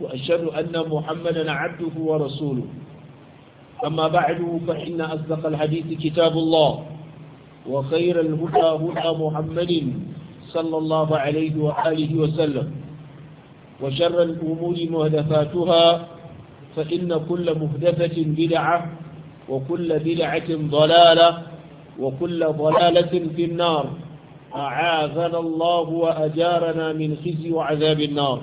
وأشهد أن محمدا عبده ورسوله أما بعد فإن أصدق الحديث كتاب الله وخير الهدى هدى محمد صلى الله عليه وآله وسلم وشر الأمور مهدفاتها فإن كل مهدفة بدعة وكل بدعة ضلالة وكل ضلالة في النار أعاذنا الله وأجارنا من خزي وعذاب النار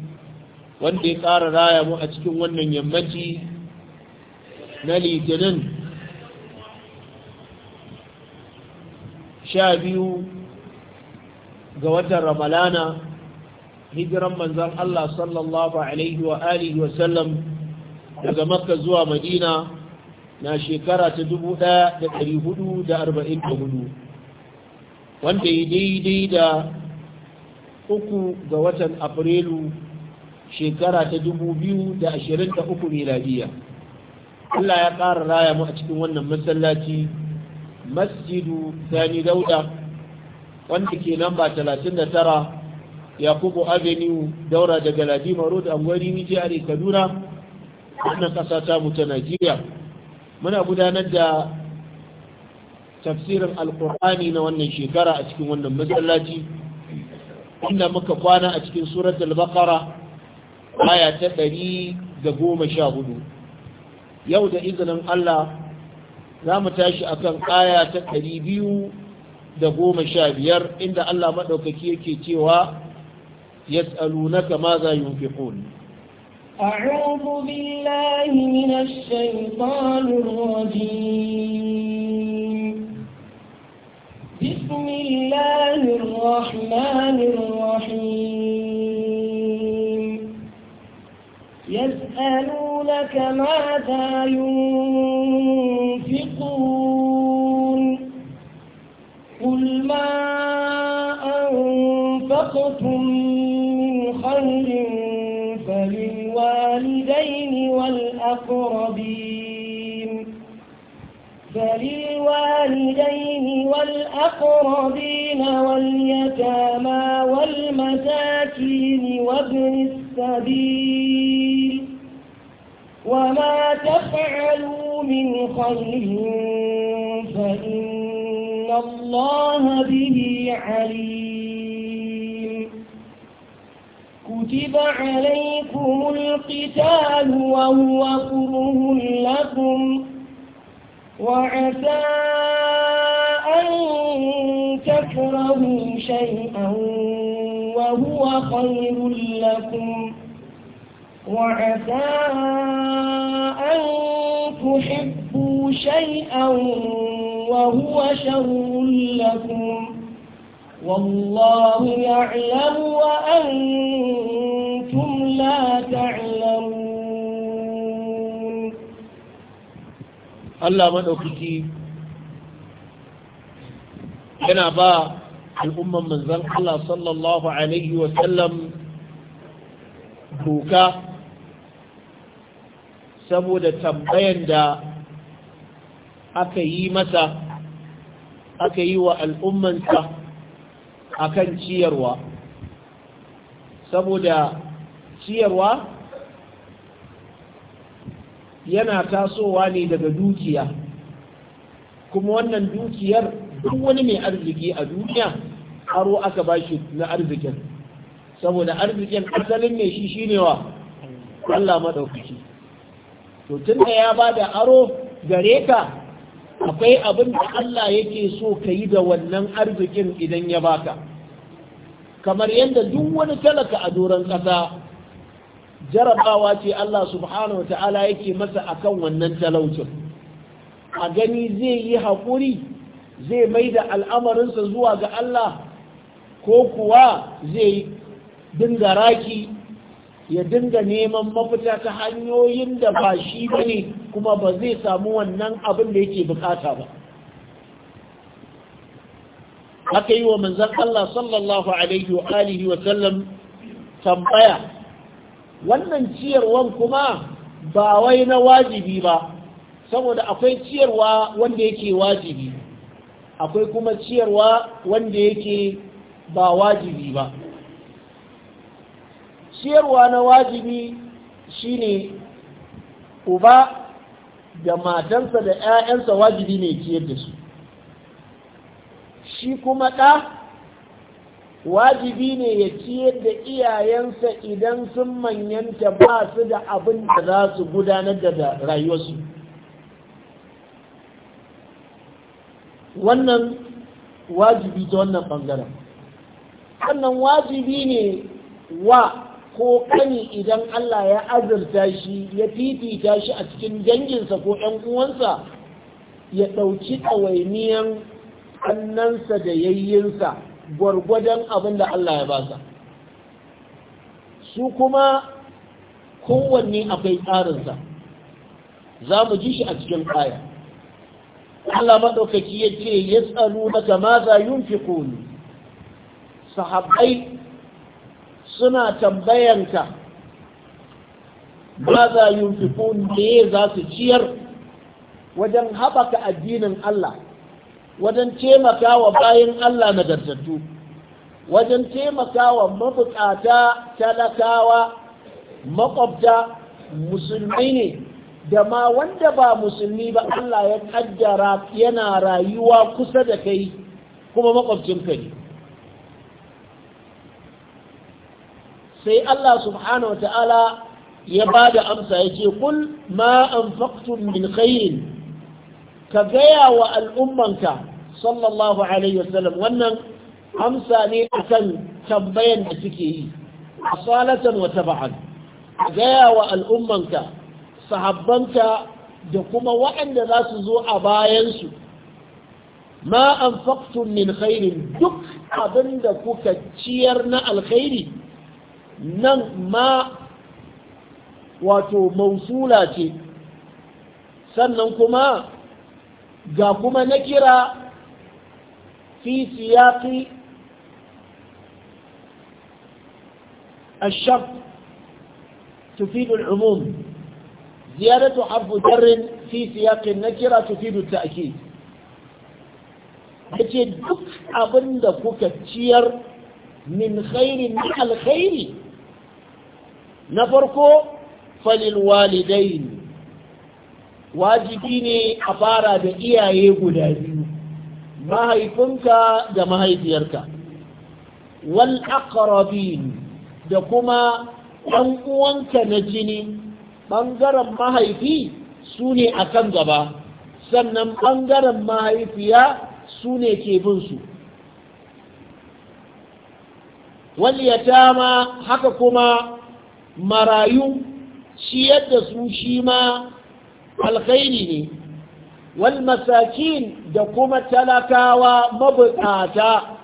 wanda ya ƙara raya mu a cikin wannan yammaci na litinin sha biyu ga watan ramalana hijiran manzan Allah sallallahu alaihi wa alihi wa sallam daga makka zuwa madina na shekara ta dubu ɗaya da hudu arba'in hudu, wanda ya daidai da uku ga watan afrilu shekara ta 2023 miladiya Allah ya ƙara raya mu a cikin wannan masallaci masjidu sani dauda wanda ke namba tara yakubu avenue daura daga ladima da angwari miji kaduna wannan ƙasa ta mu ta najeriya muna gudanar da tafsirin Alƙur'ani na wannan shekara a cikin wannan masallaci inda muka kwana a cikin suratul baqara aya ta ɗari da goma sha hudu yau da izinin Allah za mu tashi a kan aya ta ɗari biyu da goma sha biyar inda Allah maɗaukaki yake cewa yas'alunaka ma za yunfiqun أعوذ بالله من الشيطان بسم الله الرحمن الرحيم يسألونك ماذا ينفقون قل ما أنفقتم من خير فللوالدين والأقربين فللوالدين والأقربين واليتامى والمساكين وابن السبيل السبيل وما تفعلوا من خير فإن الله به عليم كتب عليكم القتال وهو كره لكم وعسى أن تكرهوا شيئا فهو خير لكم وعسى أن تحبوا شيئا وهو شر لكم والله يعلم وأنتم لا تعلمون الله من أكتب yana ba al'umman manzan Allah sallallahu Alaihi wasallam doka saboda tambayan da aka yi masa aka yi wa al'ummansa akan ciyarwa saboda ciyarwa yana tasowa ne daga dukiya kuma wannan dukiyar duk wani mai arziki a duniya aro aka ba shi na arzikin saboda arzikin asalin mai shi shi wa Allah maɗaukaki to da ya ba da aro gare ka akwai abin da Allah yake so ka yi da wannan arzikin idan ya ba ka. kamar yadda duk wani talaka a doron ƙasa jarabawa ce Allah subhanahu wa ta'ala yake masa akan wannan talaucin a gani zai yi haƙuri zai mai da al'amarinsa zuwa ga Allah ko kuwa zai dinga raki ya dinga neman mafita ta hanyoyin da ba shi ba ne kuma ba zai samu wannan abin da yake bukata ba aka yi wa manzan Allah sallallahu alaihi wa alihi wa sallam tambaya wannan ciyarwan kuma ba wai na wajibi ba saboda akwai ciyarwa wanda yake wajibi akwai kuma ciyarwa wanda yake ba wajibi ba ciyarwa na wajibi shine uba da matansa da 'ya'yansa wajibi ne ciyar da su shi kuma ɗa wajibi ne ya ciyar da iyayensa idan sun manyanta ba su da abin da za su gudanar da rayuwarsu wannan wajibi ta wannan bangaren Wannan wajibi ne wa ko kani idan Allah ya azurta shi ya fifita shi a cikin danginsa ko ‘yan uwansa ya ɗauki ɗawainiyan annansa da yayyinsa gwargwadon abin da Allah ya basa su kuma kowanne akwai tsarinsa za mu ji shi a cikin ƙaya Allah madaukaki yace yas'alunaka ma za yunfiqun sahabbai suna tambayanka maza za ne me za su ciyar wajen haɓaka addinin Allah wajen taimakawa bayan Allah na nagartattu wajen taimakawa mabukata talakawa maƙwabta musulmai ne da ma wanda ba musulmi ba Allah ya kaddara yana rayuwa kusa da kai kuma makwabcinka ne sai Allah subhanahu ta'ala ya ba da amsa ya ce kul ma anfaqtum min khairin ka gaya wa al'ummanka sallallahu alaihi wasallam wannan amsa ne a kan tambayan da suke yi asalatan wa ka gaya wa al'ummanka sahabbanta da kuma waɗanda za su zo a bayansu ma an min khairin duk abin da kuka ciyar na alkhairi nan ma wato mausula ce sannan kuma ga kuma na kira fi siyaƙi الشرط تفيد العموم زيادة حرف جر في سياق النكرة تفيد التأكيد yace duk abin da kuka ciyar min khairi na alkhairi na farko falin walidai walidain wajibi ne a fara da iyaye guda biyu mahaifinka da mahaifiyarka wal aqrabin da kuma ɗan uwanka na jini ɓangaren mahaifi su ne a kan gaba sannan ɓangaren mahaifiya su ne ke bin su waliyatama haka kuma marayu ciyar da su shi ma alkhairi ne wal masakin da kuma talakawa mabukata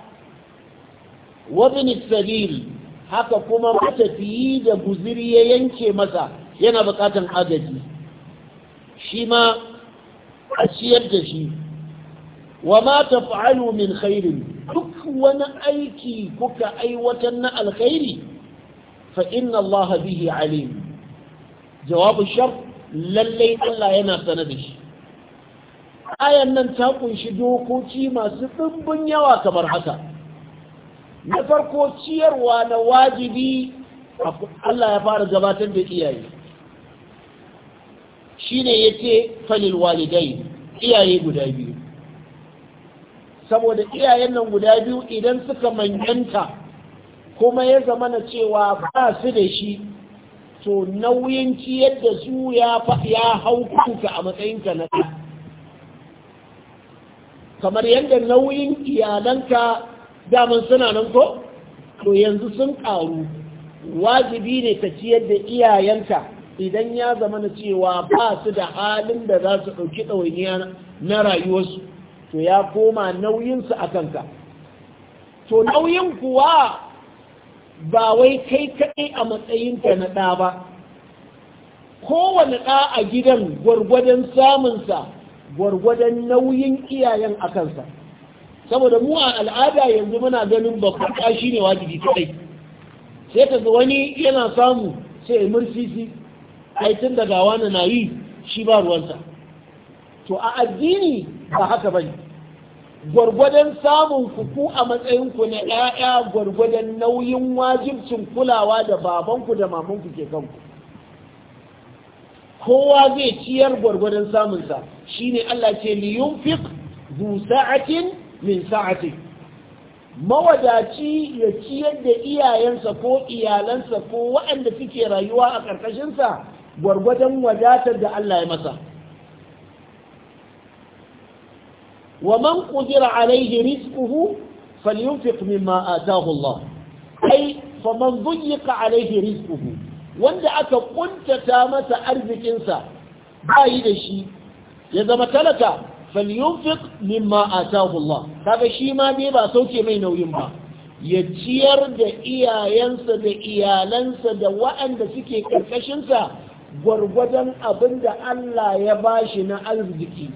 wabin sabil haka kuma matafiyi da guziri ya yanke masa yana bukatan agaji shi ma a ciyar da shi wa ma taf'alu min khairin duk wani aiki kuka aiwatar na alkhairi fa inna Allah bihi alim jawabu shar lallai Allah yana sana da shi ayan nan ta kunshi dokoki masu ɗimbin yawa kamar haka na farko ciyarwa na wajibi Allah ya fara gabatar da iyaye shine yace falil walidai iyaye guda biyu saboda iyayen nan guda biyu idan suka manyanta kuma ya zama na cewa ba su da shi to nauyin ciyar da su ya hau kanka a matsayinka na kamar yadda nauyin iyalanka daman suna nan ko to yanzu sun ƙaru wajibi ne ka ciyar da iyayenka idan ya zama na cewa ba su da halin da za su ɗauki ɗawainiya na rayuwarsu to ya koma nauyinsu a kanka to nauyin kuwa ba wai kai kaɗai a matsayinka na ɗa ba kowane ɗa a gidan gwargwadon samunsa gwargwadon nauyin iyayen a kansa saboda mu a al'ada yanzu muna ganin babban ɗa shi ne wajibi kaɗai sai ka ga wani yana samu sai mursisi ai da daga wani na yi shi ba ruwansa to a addini ba haka bane gwargwadon samun kuku a matsayinku na 'ya'ya gwargwadon nauyin wajibcin kulawa da babanku da mamanku ke kanku kowa zai ciyar gwargwadon samunsa shine Allah ce liyunfiq zu sa'atin min sa'atin mawadaci ya ciyar da iyayensa ko iyalansa ko waɗanda suke rayuwa a ƙarƙashinsa gwargwadon wadatar da Allah ya masa wa man qudira alaihi rizquhu falyunfiq mimma ataahu Allah ai faman dhayyaqa alaihi rizquhu wanda aka kuntata masa arzikinsa bayi da shi ya zama talaka falyunfiq mimma ataahu Allah kaga shi ma dai ba sauke mai nauyin ba ya ciyar da iyayensa da iyalansa da waɗanda suke ƙarƙashinsa gwargwadon abin da Allah ya bashi na arziki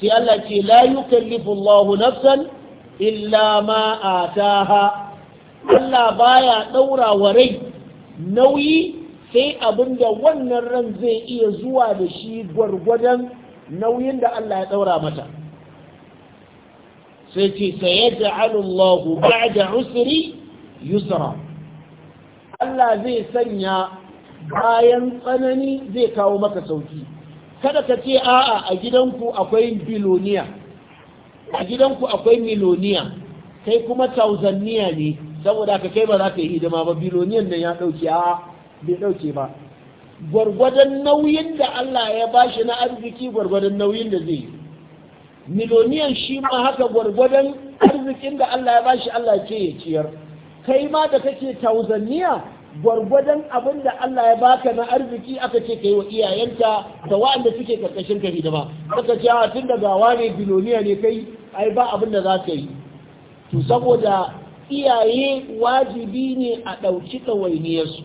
sai Allah ce la yukallifu Allahu nafsan illa ma ataha Allah baya daura wa rai nauyi sai abin da wannan ran zai iya zuwa da shi gwargwadon nauyin da Allah ya daura mata sai ce sayaj'alu Allahu ba'da usri yusra Allah zai sanya bayan tsanani zai kawo maka sauki kada ka ce a'a a gidanku akwai biloniya a gidanku akwai miloniya kai kuma tausaniya ne saboda ka kai ba za ka yi hidima ba biloniyan nan ya ɗauke a bai dauke ba gwargwadon nauyin da Allah ya bashi na arziki gwargwadon nauyin da zai yi miloniyan shi ma haka gwargwadon arzikin da Allah ya bashi Allah ce ya ciyar kai ma da kake tausaniya gwargwadon abin da Allah ya baka na arziki aka ce ka yi wa iyayenta, da wa'anda suke karkashin ka hidima ba. ce a ah, tun da gawa ne biloniya ne kai ai ba abin da za ka yi to saboda iyaye wajibi ne a ɗauki ɗawainiyarsu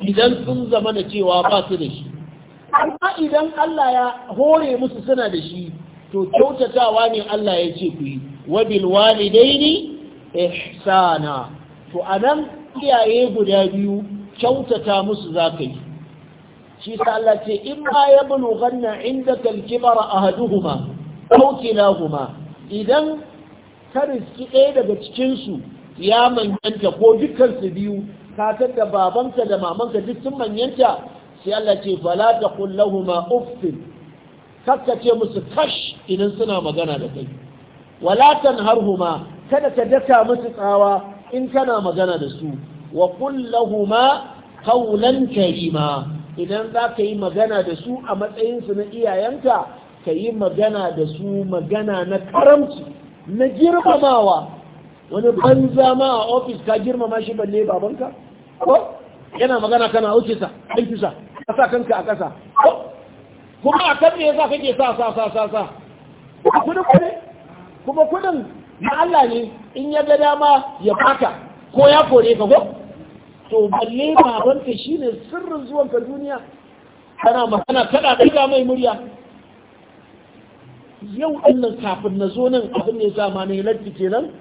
idan sun zama da cewa ba su da shi amma idan Allah ya hore musu suna da shi to kyautatawa ne Allah ya ce ku yi wa bil walidaini ihsana to anan iyaye guda biyu kyautata musu za ka yi shi sa Allah ce in ma ya bara a al huma ahaduhuma na huma idan ka riski ɗaya daga cikinsu ya manyanta ko dukansu biyu ka da babanka da mamanka duk sun manyanta sai Allah ce fala taqul lahumu uffin kakka ce musu kash idan suna magana da kai wala tanharhuma kada ka daka musu tsawa in kana magana da su wa kullahuma qawlan karima idan za ka yi magana da su a matsayinsu na iyayenka ka yi magana da su magana na karamci na girmamawa wani banza ma a ofis ka girmama shi balle babanka ko yana magana kana wuce sa aiki sa kasa kanka a kasa kuma a kan me yasa kake sa sa sa sa kuma kudin na Allah ne in ya ga dama ya fata ko ya kore ka ko to balle babanka shine sirrin zuwan ka duniya kana magana kada ga mai murya yau ɗinnan kafin na zo nan abin ne zama ne kenan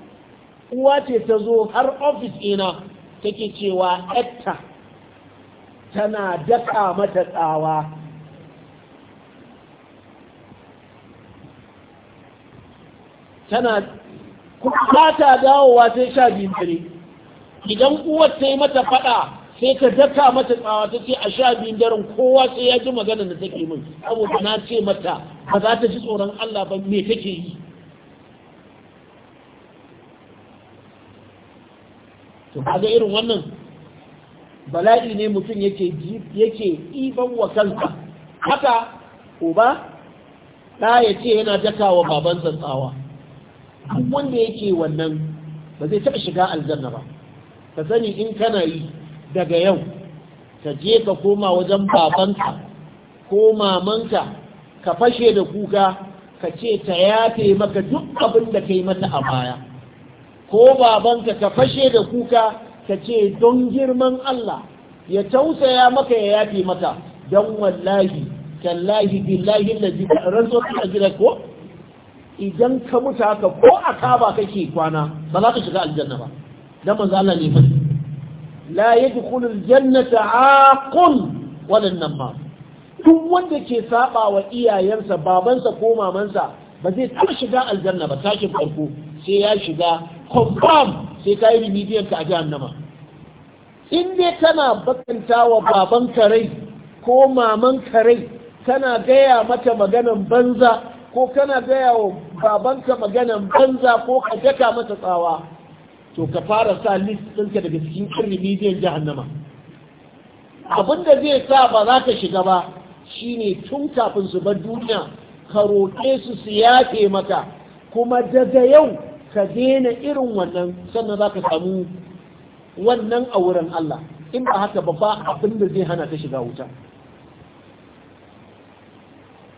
uwa ce ta zo har ofis ina take cewa etta tana daka mata tsawa tana ba ta dawowa sai sha biyu dare idan uwar ta mata faɗa sai ka daka mata tsawa ta ce a sha biyun daren kowa sai ya ji magana da take min saboda na ce mata ba za ta ji tsoron Allah ba me take yi to kaga irin wannan bala'i ne mutum yake yake iban wa kansa haka uba ɗa ya ce yana daka wa babansa tsawa duk wanda yake wannan ba zai taɓa shiga aljanna ba ka sani in kana yi daga yau ka je ka koma wajen babanka ko mamanka ka fashe da kuka ka ce ta yafe maka duk abin da ka yi mata a baya ko babanka ka fashe da kuka ka ce don girman Allah ya tausaya maka ya yafe maka don wallahi kallahi billahi da ranzo ta ko idan ka mutu haka ko a kaba kake kwana ba za ka shiga aljanna ba dan manzo Allah ne fa la yadkhulu aljannata aqul wala namma duk wanda ke saba wa iyayensa babansa ko mamansa ba zai taba shiga aljanna ba tashin farko sai ya shiga confirm sai ka yi remedial ka a jahannama in dai kana bakanta wa baban karai ko maman karai kana gaya mata maganan banza ko kana gaya wa babanka maganan banza ko ka daka mata tsawa to ka fara sa list ɗinka daga cikin zai jahannama abin da zai sa ba za ka shiga ba shine tun kafin su bar duniya ka roƙe su su yafe maka kuma daga yau ka daina irin wannan sannan za ka samu wannan a wurin Allah in ba haka ba ba abin da zai hana ta shiga wuta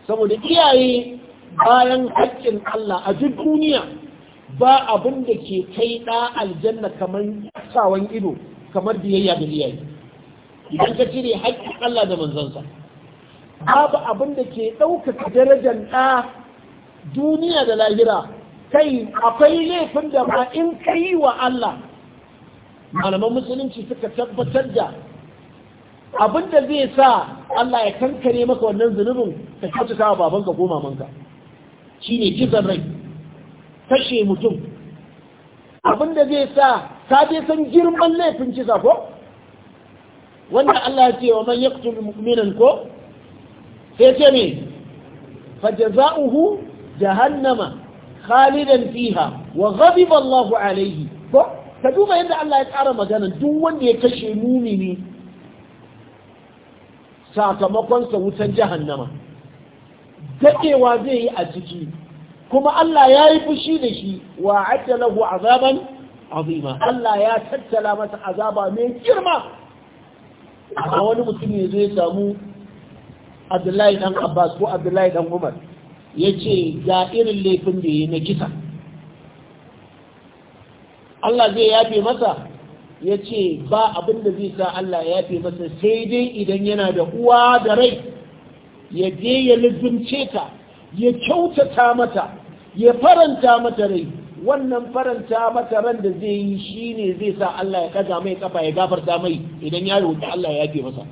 saboda iyaye bayan haƙƙin Allah a duk duniya ba abin da ke kai ɗa aljanna kamar sawan ido kamar biyayya da iyaye idan ka cire haƙƙin Allah da manzansa babu abin da ke ɗaukaka darajar ɗa duniya da lahira kai akwai laifin da ba in kai wa Allah malaman musulunci suka tabbatar da abin da zai sa Allah ya kankare maka wannan zunubin ka kyautata wa babanka ko mamanka shine kisan rai kashe mutum abinda zai sa ta je san girman laifin kisa ko wanda Allah ya ce wa man yaqtul mu'minan ko sai ce ne fajaza'uhu jahannama khalidan fiha wa ghadiba Allah alayhi ko ka duba yadda Allah ya tsara magana duk wanda ya kashe mumini sakamakon sa wutan jahannama daɗewa zai yi a ciki kuma Allah ya yi fushi da shi wa lahu azaban azima Allah ya tattala masa azaba mai girma a wani mutum ya zai samu Abdullahi dan Abbas ko Abdullahi dan Umar ya ce, ga irin laifin da yi na kisa Allah zai yafe masa ya ce, ba abin da zai sa Allah ya yafe masa sai dai idan yana da uwa da rai ya je ya lizumce ta ya kyautata mata ya faranta mata rai wannan faranta mata ran da zai yi shi ne zai sa Allah ya kaza mai kafa ya gafarta mai idan ya roƙi Allah ya yafe masa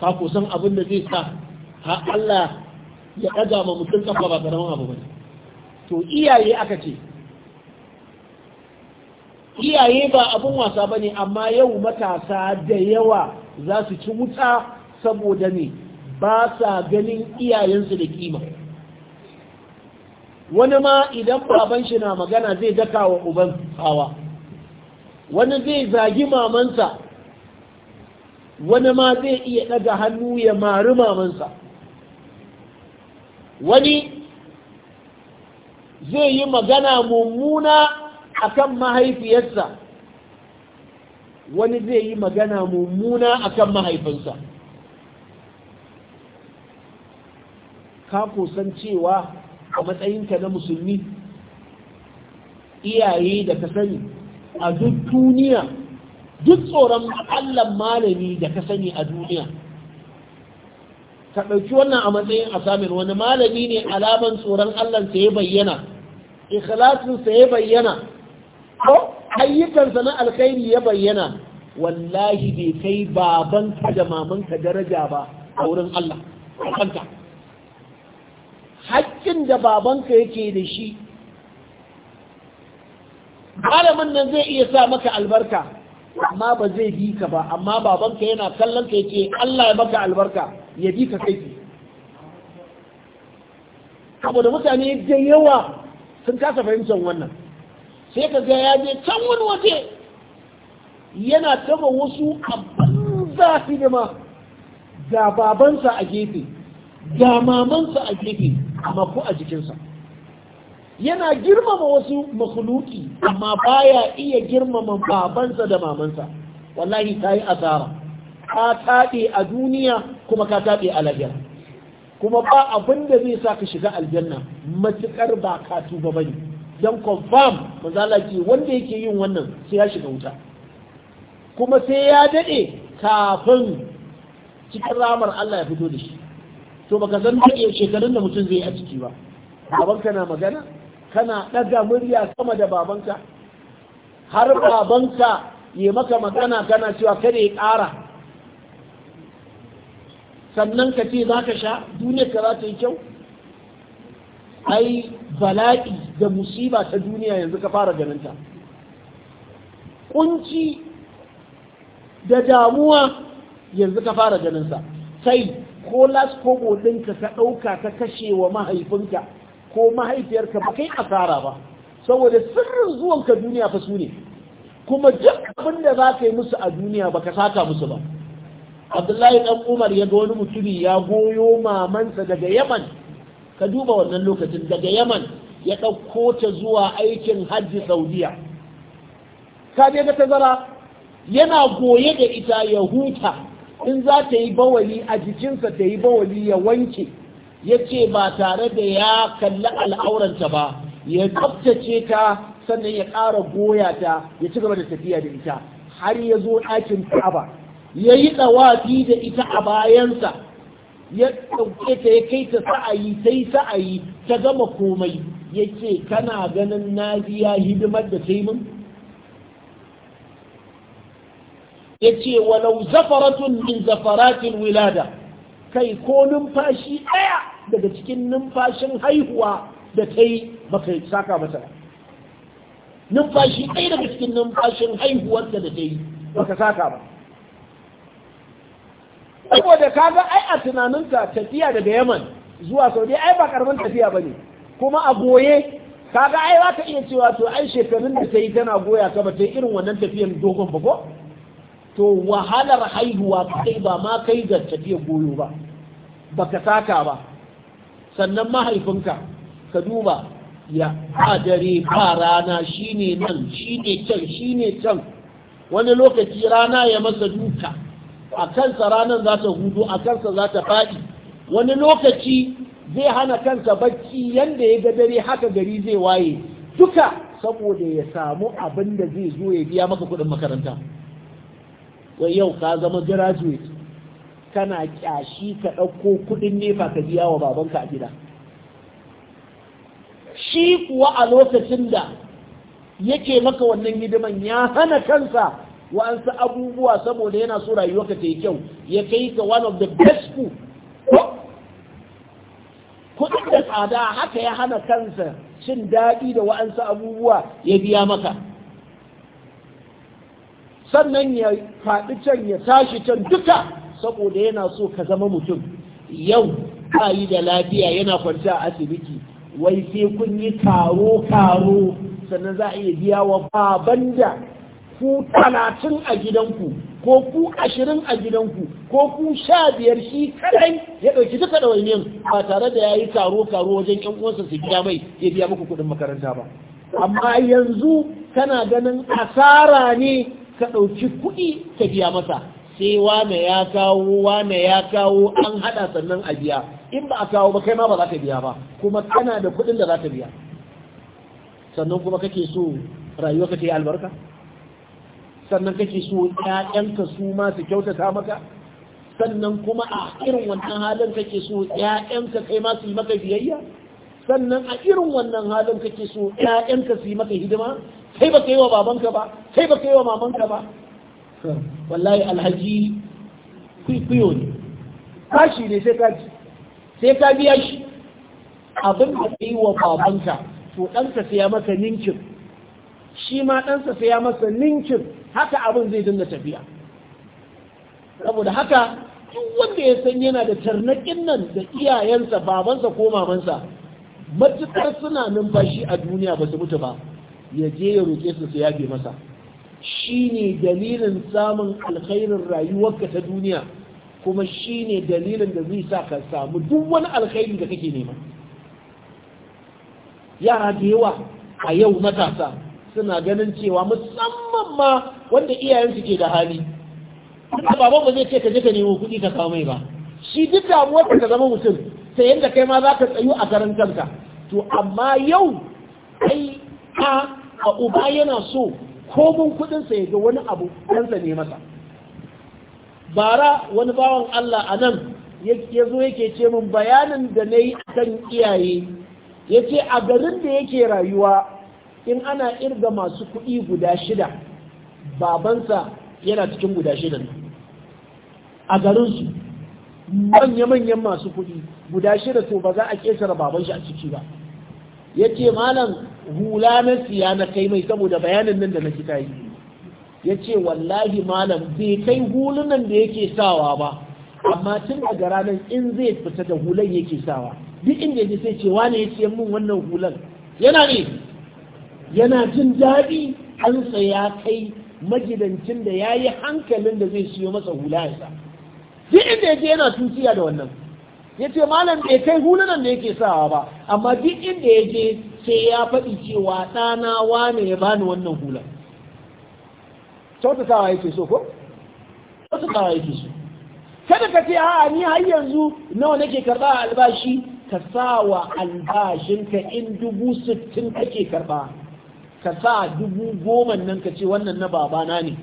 ka ku san abin da zai sa ha Allah ya kaza ma mutum kafa ba karaman abu bane to iyaye aka ce iyaye ba abin wasa bane amma yau matasa da yawa za su ci wuta saboda ne ba sa ganin iyayensu da kima wani ma idan baban shi na magana zai daka wa uban hawa wani zai zagi mamansa wani ma zai iya ɗaga hannu ya mari mamansa wani zai yi magana mummuna akan mahaifiyarsa wani zai yi magana mummuna akan mahaifinsa ka kosan cewa a matsayinka na musulmi iyaye da ka sani a duk duniya duk tsoron allan malami da ka sani a duniya ka ɗauki wannan a matsayin asamin wani malami ne alaman tsoron allansa ya bayyana ikhlasinsa ya bayyana ko ayyukansa na alkhairi ya bayyana wallahi bai kai babanka da mamanka daraja ba a wurin Allah a kanka haƙƙin da babanka yake da shi malamin nan zai iya sa maka albarka amma ba zai bi ka ba amma babanka yana kallon ka yake Allah ya maka albarka ya bi ka kai saboda mutane da yawa sun kasa fahimtar wannan sai ka ga ya je can wani waje yana taba wasu abin zafi da ma ga babansa a gefe ga mamansa a gefe amma ko a jikinsa yana girmama wasu makhluki amma baya iya girmama babansa da mamansa wallahi ta yi asara ka taɗe a duniya kuma ka taɗe a lafiya. kuma ba abin da zai sa ka shiga aljanna matuƙar ba ka tuba bane don confirm manzala ce wanda yake yin wannan sai ya shiga wuta kuma sai ya daɗe kafin cikin ramar Allah ya fito da shi to baka san iya shekarun da mutum zai a ciki ba babanka na magana kana ɗaga murya sama da babanka har babanka ya maka magana kana cewa kada ya ƙara sannan ka ce za ka sha duniya ka za ta yi kyau ai bala'i da musiba ta duniya yanzu ka fara ganinta kunci da damuwa yanzu ka fara ganinsa sai ko kobo ɗinka ka ɗauka ka kashe wa mahaifinka ko mahaifiyarka ba kai asara ba saboda sirrin zuwanka duniya fa su ne kuma duk abin da za ka yi musu a duniya ba ka saka musu ba abdullahi ɗan umar ya ga wani mutumi ya goyo mamansa daga yaman ka duba wannan lokacin daga yaman ya ɗauko ta zuwa aikin hajji saudiya ka je ga tazara yana goye da ita ya huta in za ta yi bawali a jikinsa ta yi bawali ya wanke ya ce ba tare da ya kalli al'auranta ba ya tsabtace ta sannan ya ƙara goya ta ya ci gaba da tafiya da ita har ya zo ɗakin ka'aba ya yi ɗawafi da ita a bayansa ya ɗauke ta ya kai ta sa'ayi ta yi sa'ayi ta gama komai ya ce kana ganin na biya hidimar da ta Ya yace walau zafaratun min zafaratil wilada kai ko numfashi ɗaya daga cikin numfashin haihuwa da ta yi ba ka saka mata numfashi ɗaya daga cikin numfashin haihuwar da ta yi ba ka saka ba saboda ka ga ai a tunaninka tafiya daga yaman zuwa saudi ai ba karamin tafiya ba ne kuma a goye ka ga ai ba ka iya cewa to ai shekarun da ta yi tana goya ka ba ta irin wannan tafiyan dogon ba ko to wahalar haihuwa kai ba ma kai ga tafiya goyo ba ba ka saka ba sannan mahaifinka ka duba ya dare ba rana shine nan shine can shine can wani lokaci rana ya masa duka a kansa ranar za ta hudu a kansa za ta faɗi wani lokaci zai hana kansa bacci yadda ya ga dare haka gari zai waye duka saboda ya samu abin da zai zo ya biya maka kuɗin makaranta wai yau ka zama graduate kana kyashi ka ɗauko kuɗin nefa ka biya wa babanka a gida shi kuwa a lokacin da yake maka wannan hidiman ya hana kansa sa abubuwa saboda yana so rayuwarka ta yi kyau ya kai ka one of the best food kuɗin da tsada haka ya hana kansa cin daɗi da wa'ansu abubuwa ya biya maka sannan ya faɗi can ya tashi can duka saboda yana so ka zama mutum yau ka yi da lafiya yana kwance a asibiti wai sai kun yi karo-karo sannan za a iya biya wa baban da ku talatin a gidanku ko ku ashirin a gidanku ko ku sha biyar shi kadai ya ɗauki duka da ɗawainiyan ba tare da ya yi karo-karo wajen ƴan uwansa su gida mai ya biya muku kuɗin makaranta ba amma yanzu kana ganin asara ne ka ɗauki kuɗi ka biya masa sai wane ya kawo wane ya kawo an haɗa sannan a biya in ba a kawo ba kai ma ba za ka biya ba kuma kana da kuɗin da za ka biya sannan kuma kake so rayuwa ka yi albarka sannan kake so ƴaƴanka su ma su kyautata maka sannan kuma a irin wannan halin kake so ƴaƴanka kai ma su yi maka biyayya sannan a irin wannan halin kake so ƴaƴanka su yi maka hidima kai ka yi wa babanka ba kai ka yi wa mamanka ba wallahi alhaji kuyo ne kashi ne sai kaji sai ka biya shi abin da ka yi wa babanka to ɗansa sai ya masa ninkin shi ma ɗansa sai ya masa ninkin haka abin zai dinga tafiya saboda haka duk wanda ya san yana da tarnaƙin nan da iyayensa babansa ko mamansa matuƙar suna numfashi a duniya ba su mutu ba ya je ya roƙe su su yafe masa shine dalilin samun alkhairin rayuwarka ta duniya kuma shine dalilin da zai sa ka samu duk wani alkhairi da kake nema yara da yawa a yau matasa suna ganin cewa musamman ma wanda iyayensu ke da hali baban ba zai ce ka je ka nemo kuɗi ka kawo mai ba shi duk damuwar ka zama mutum sai yadda kai ma za ka tsayu a karan kanka to amma yau kai ka a uba yana so komin kudinsa ya ga wani abu ɗansa ne masa bara wani bawan Allah a nan ya zo yake ce min bayanin da na yi kan iyaye ya ce a garin da yake rayuwa in ana irga masu kuɗi guda shida babansa yana cikin guda shidan a garinsu manya-manyan masu kuɗi guda shida to ba za a ƙetare baban shi a ciki ba ya ce malam hula na siya na kai mai saboda bayanin nan da na kita yi ya ce wallahi malam bai kai hulunan da yake sawa ba amma tun daga ranar in zai fita da hulan yake sawa duk inda yake sai ce ne ya ce min wannan hulan yana ne yana jin daɗi an ya kai magidancin da ya yi hankalin da zai siyo masa hula ya duk inda ya yake yana tusiya da wannan ya ce malam bai kai hulunan da yake sawa ba amma duk inda ya je sai ya faɗi cewa ɗana wane ya bani wannan hula kyautatawa yake so ko kyautatawa yake so kada ka ce a ni har yanzu nawa nake karɓa albashi ka sa wa albashinka in dubu sittin kake karɓa ka sa dubu goma nan ka ce wannan na babana ne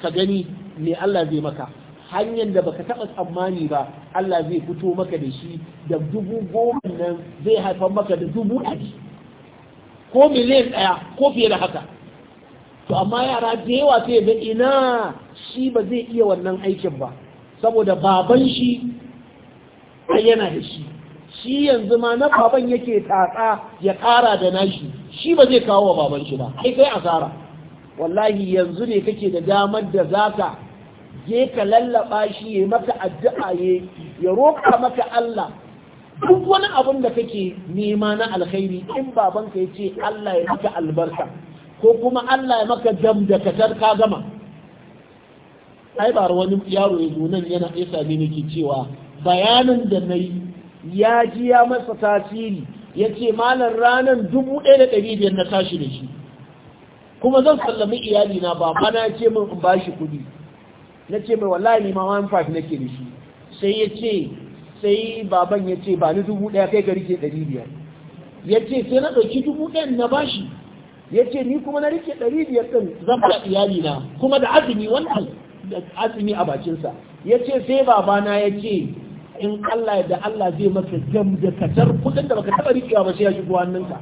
ka gani me Allah zai maka hanyar da baka taɓa tsammani ba Allah zai fito maka da shi da dubu goma nan zai haifar maka da dubu ɗari ko miliyan ɗaya ko fiye da haka to amma yara da yawa sai ga ina shi ba zai iya wannan aikin ba saboda baban shi yana da shi shi yanzu ma na baban yake tatsa ya ƙara da nashi shi ba zai kawo wa baban shi ba ai kai asara wallahi yanzu ne kake da damar da zaka je ka lallaba shi ya maka addu'a ya roƙa maka Allah duk wani abin da kake nema na alkhairi in babanka ya ce Allah ya maka albarka ko kuma Allah ya maka dam da katar ka gama ai ba wani yaro ya zo nan yana isa ne nake cewa bayanin da nayi ya ji ya masa tasiri ya ce malar ranar dubu ɗaya da ɗari biyar na tashi da shi kuma zan sallami iyalina ba mana ce min in bashi kuɗi na ce mai wallahi ni ma 15 nake da shi sai ya ce sai baban ya ce ba ni dubu ɗaya kai ga rike ɗari biyar ya ce sai na ɗauki dubu ɗayan na bashi ya ce ni kuma na rike ɗari biyar ɗin zan ba iyali na kuma da azumi wannan azumi a bakinsa ya ce sai babana ya ce in Allah da Allah zai maka gam da katar kudin da baka taɓa rikewa ba sai ya shigo hannunka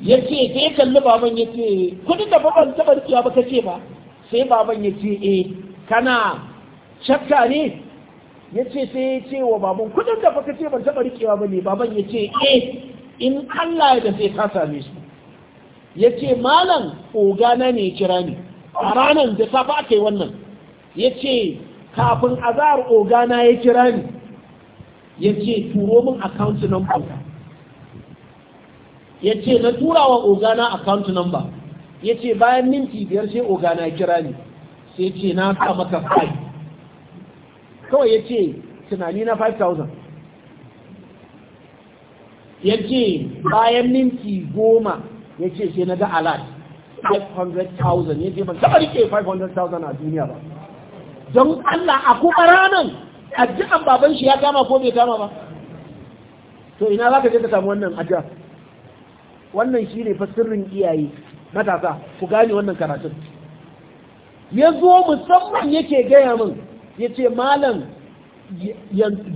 ya ce sai kalli baban ya ce kudin da baban taɓa rikewa ba ka ce ba sai baban ya ce eh kana shakka ne ya ce sai ya ce wa baban kudin da baka ce ban taɓa rikewa ba ne baban ya ce eh in Allah ya da sai ka same su ya ce malam ogana ne ya kira ni a ranar da safa aka yi wannan ya ce kafin azar ogana ya kira ni ya ce turo min account number ya ce na turawa ogana account number ya ce bayan minti biyar sai ogana ya kira ni sai ya ce na sa maka fai kawai ya ce tunani na 5,000 ya ce bayan minti goma ya ce sai na ga alat 500,000 ya ce ban taɓa rike 500,000 a duniya ba don Allah a kuma ranar addu'an baban shi ya kama ko bai kama ba to ina za ka je ka samu wannan addu'a wannan shi ne fa sirrin iyaye matasa ku gane wannan karatun ya zo musamman yake gaya min ya ce malam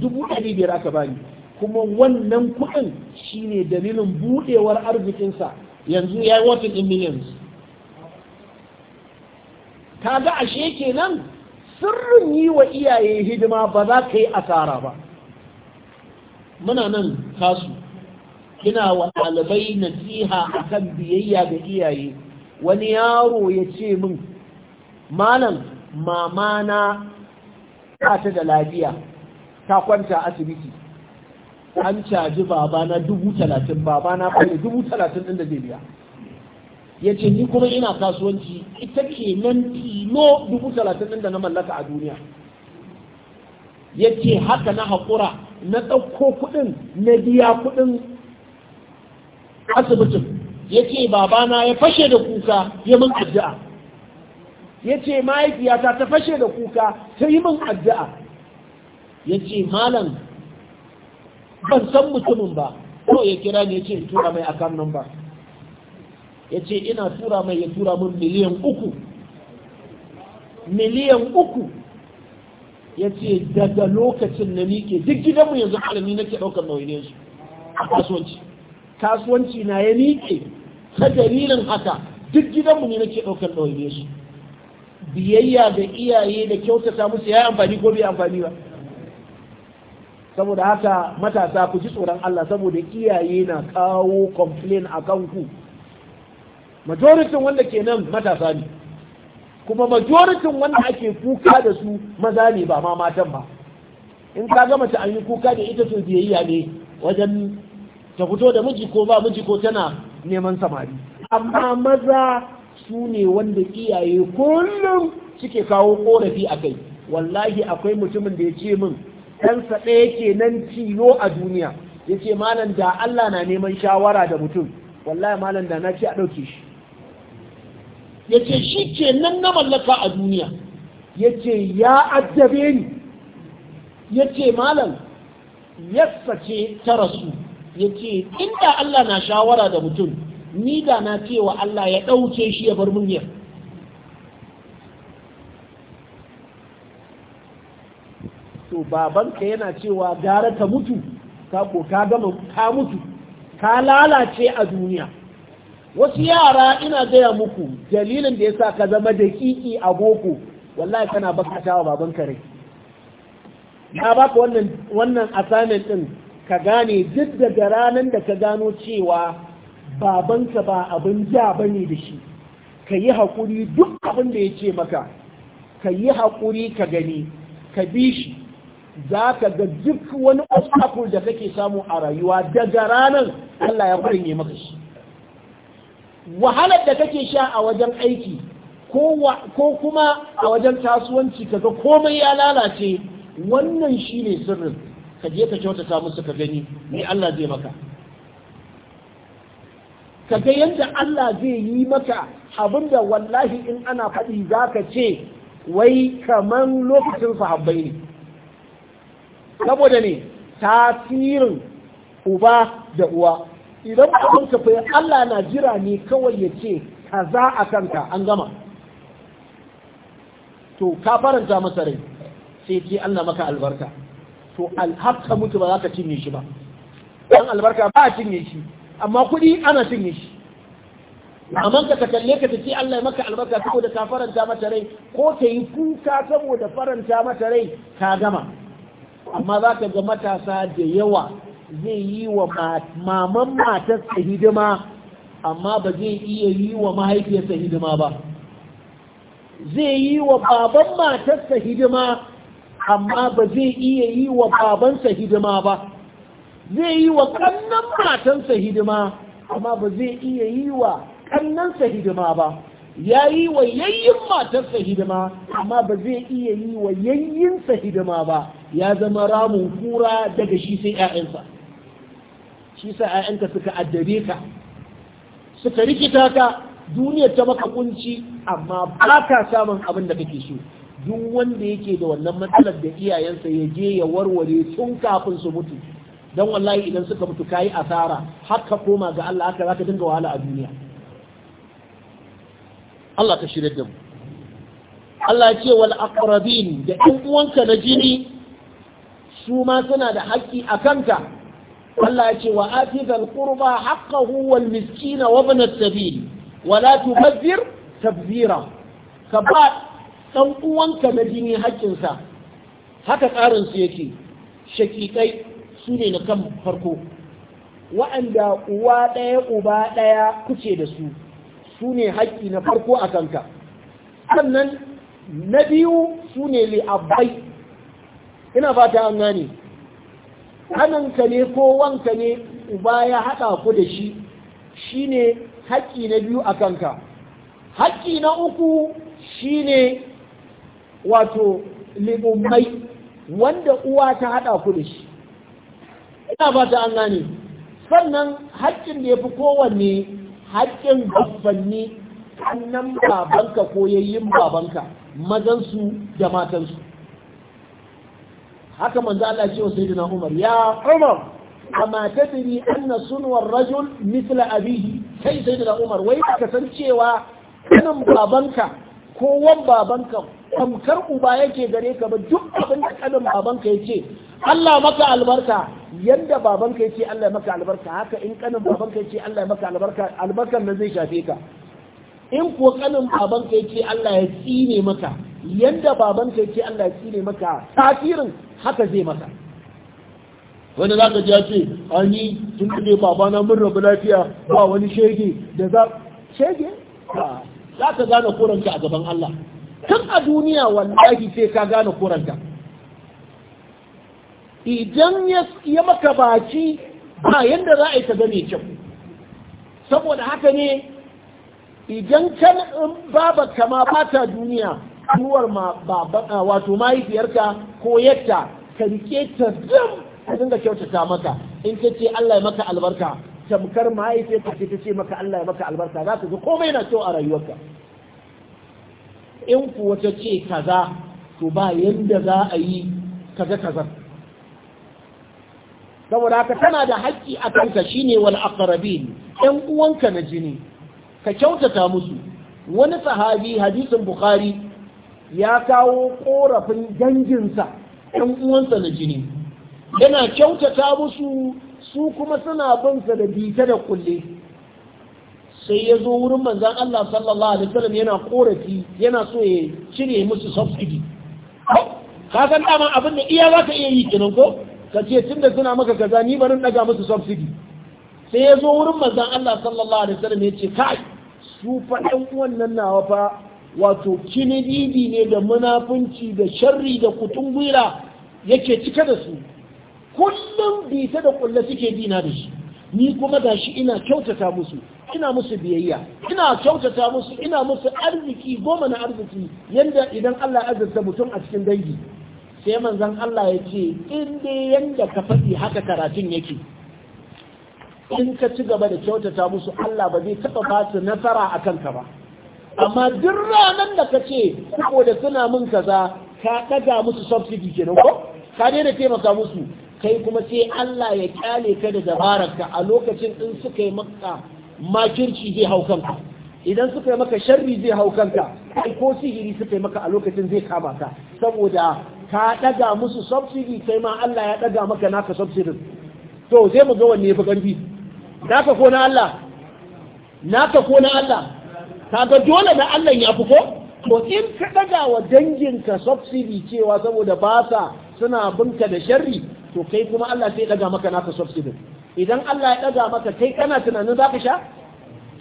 dubu ɗari biyar aka bani kuma wannan kuɗin shi ne dalilin buɗewar arzikinsa yanzu ya yi watan in millions kaga ashe kenan sirrin yi wa iyaye hidima ba za ka yi asara ba muna nan kasu kina wa ɗalibai nasiha akan biyayya ga iyaye wani yaro ya ce min malam mama na ta da lafiya ta kwanta asibiti an caji babana dubu talatin babana kwanne dubu talatin ɗin da zai biya ya ce ni kuma ina kasuwanci ita ke nan tilo dubu talatin ɗin da na mallaka a duniya ya ce haka na haƙura na ɗauko kuɗin na biya kuɗin asibitin ya ce babana ya fashe da kuka ya min addu'a ya ce mahaifiyata ta fashe da kuka ta yi min addu'a ya ce malam ban san mutumin ba ko ya kira ne ya ce tura mai akan nan ba ya ce ina tura mai ya tura min miliyan uku miliyan uku ya ce daga lokacin na nike duk gidanmu yanzu alami nake ɗaukar nauyinsu a kasuwanci kasuwanci na ya nike ta dalilin haka duk gidanmu ne nake ɗaukar nauyinsu biyayya ga iyaye da kyautata musu ya yi amfani ko bai amfani ba saboda haka matasa ku ji tsoron Allah saboda iyaye na kawo complain a kanku majoritin wanda ke nan matasa ne kuma majoritin wanda ake kuka da su maza ne ba ma matan ba in ka ga mace an yi kuka da ita to biyayya ne wajen ta fito da miji ko ba miji ko tana neman samari amma maza su ne wanda iyaye kullum suke kawo korafi a kai wallahi akwai mutumin da ya ce min ɗansa ɗaya ke nan tilo a duniya ya ce malam da Allah na neman shawara da mutum wallahi malam da na ce a ɗauke shi ya ce shi ke nan na mallaka a duniya ya ce ya addabe ni ya ce malam yassa ce ta rasu ya ce inda Allah na shawara da mutum ni da na cewa Allah ya ɗauke shi ya bar mun to babanka yana cewa gara ka mutu ka ko ka gama ka mutu ka lalace a duniya wasu yara ina gaya muku dalilin da ya sa ka zama da daƙiƙi a boko wallahi kana baka wa babanka rai na baka wannan wannan assignment ɗin ka gane duk daga ranar da ka gano cewa babanka ba abin ja ne da shi ka yi haƙuri duk abin da ya ce maka ka yi haƙuri ka gani ka bi shi za ka ga duk wani obstacle da kake samu a rayuwa daga ranar Allah ya kwarinye maka shi wahalar da kake sha a wajen aiki ko kuma a wajen kasuwanci kaga komai ya lalace wannan shi ne sirrin ka je ka kyautata musu ka gani me Allah zai maka ka ga yadda Allah zai yi maka abinda wallahi in ana faɗi za ka ce wai kaman lokacin sahabbai ne saboda ne tasirin uba da uwa idan abin ka fa Allah na jira ne kawai ya ce kaza a kanka an gama to ka faranta masa rai sai ce Allah maka albarka to alhaka mutu ba za ka cinye shi ba dan albarka ba a cinye shi amma kuɗi ana cinye shi amma ka ta kalle ka tace Allah ya maka albarka saboda ka faranta mata rai ko ta yi kuka saboda faranta mata rai ka gama amma za ka ga matasa da yawa zai yi wa maman matarsa hidima amma ba zai iya yi wa mahaifiyarsa hidima ba zai yi wa baban matarsa hidima amma ba zai iya yi wa babansa hidima ba zai yi wa kannan matansa hidima amma ba zai iya yi wa ƙannansa hidima ba ya yi wa yayyin matarsa hidima amma ba zai iya yi wa yayyinsa hidima ba ya zama ramun kura daga shi sai 'ya'yansa shi sa 'ya'yanka suka addabe ka suka rikita ka duniyar ta maka kunci amma ba ka samun abin da kake so duk wanda yake da wannan matsalar da iyayensa ya je ya warware tun kafin su mutu dan wallahi idan suka mutu kayi asara har ka koma ga Allah haka zaka dinga wahala a duniya Allah ka shirye da mu Allah ya ce wal aqrabin da ɗan uwanka na jini su ma suna da haƙƙi a kanka Allah ya ce wa ati qurba haqqahu wal miskina wa ibn as-sabil wa la tabzira ka ba ɗan uwanka na jini haƙƙinsa haka tsarin su yake shakikai su ne na kan farko wa'anda uwa ɗaya uba ɗaya kuce da su su ne haƙƙi na farko a kanka sannan na biyu su ne li'abbai ina fata an gane hannunka ne ko wanka ne uba ya haɗa ku da shi shi ne haƙƙi na biyu a kanka haƙƙi na uku shi ne wato li'ummai wanda uwa ta haɗa ku da shi ina ba ta an gane sannan haƙƙin da ya fi kowanne haƙƙin babbanni annan babanka ko yayin babanka mazansu da matansu haka manzo Allah ce wa sayyidina Umar ya Umar amma tadri anna sunwar rajul mithla abihi sai sayyidina Umar wai ka san cewa kanin babanka ko wan babanka kamkar uba yake gare ka ba duk abin da kanin babanka yake Allah maka albarka yadda babanka ce Allah ya maka albarka haka in kanin babanka ce Allah ya maka albarka albarkan nan zai shafe ka in ko kanin babanka ce Allah ya tsine maka yadda babanka ce Allah ya tsine maka tasirin haka zai maka wani za ka ji ce ani tun da babana mun rabu lafiya ba wani shege da za shege za ka gane koranta a gaban Allah tun a duniya wallahi sai ka gane koranta idan ya maka baki ba yadda za a yi ta mai kyau saboda haka ne idan can baba kama bata duniya duwar wato mahaifiyarka ko yadda ka rike ta dam ka dinga kyautata maka in ta ce Allah ya maka albarka tamkar mahaifiyarka ce ta ce maka Allah ya maka albarka za ka ji komai na kyau a rayuwarka in kuwa ta ce kaza to ba yadda za a yi kaza kazar saboda tana da haƙƙi a kanka shine wal aqrabin Yan uwanka na jini ka kyautata musu wani sahabi hadisin bukhari ya kawo korafin danginsa Yan uwansa na jini yana kyautata musu su kuma suna bin da bita da kulle sai ya zo wurin manzan Allah sallallahu alaihi wasallam yana korafi yana so ya cire musu subsidy ka san daman abin da iya zaka iya yi kenan ko ka ce tunda suna maka kaza ni barin daga musu subsidy sai ya zo wurin manzon Allah sallallahu alaihi wasallam ya ce kai su fa ɗan wannan nawa fa wato kinididi ne da munafunci da sharri da kutun gwira yake cika da su kullum bita da kulla suke dina da shi ni kuma da shi ina kyautata musu ina musu biyayya ina kyautata musu ina musu arziki goma na arziki yanda idan Allah azurta mutum a cikin dangi sai manzon Allah ya ce inda yadda yanda ka faɗi haka karatun yake in ka ci gaba da kyautata musu Allah ba zai taɓa ba su nasara a kanka ba amma duk ranar da ka ce da suna min kaza ka ɗaga musu subsidy ke ko ka daina taimaka musu kai kuma sai Allah ya kyale ka da dabararka a lokacin in suka yi maka makirci zai hau kanka idan suka yi maka sharri zai hau kanka kai ko sihiri suka yi maka a lokacin zai kama ka saboda ka ɗaga musu subsidy kai ma Allah ya ɗaga maka naka subsidy to zai mu ga wanne ya fi ƙarfi naka ko na Allah naka ko na Allah kaga dole na Allah ya fi ko to in ka ɗaga wa danginka subsidy cewa saboda ba sa suna binka da sharri to kai kuma Allah sai ɗaga maka naka subsidy idan Allah ya ɗaga maka kai kana tunanin za ka sha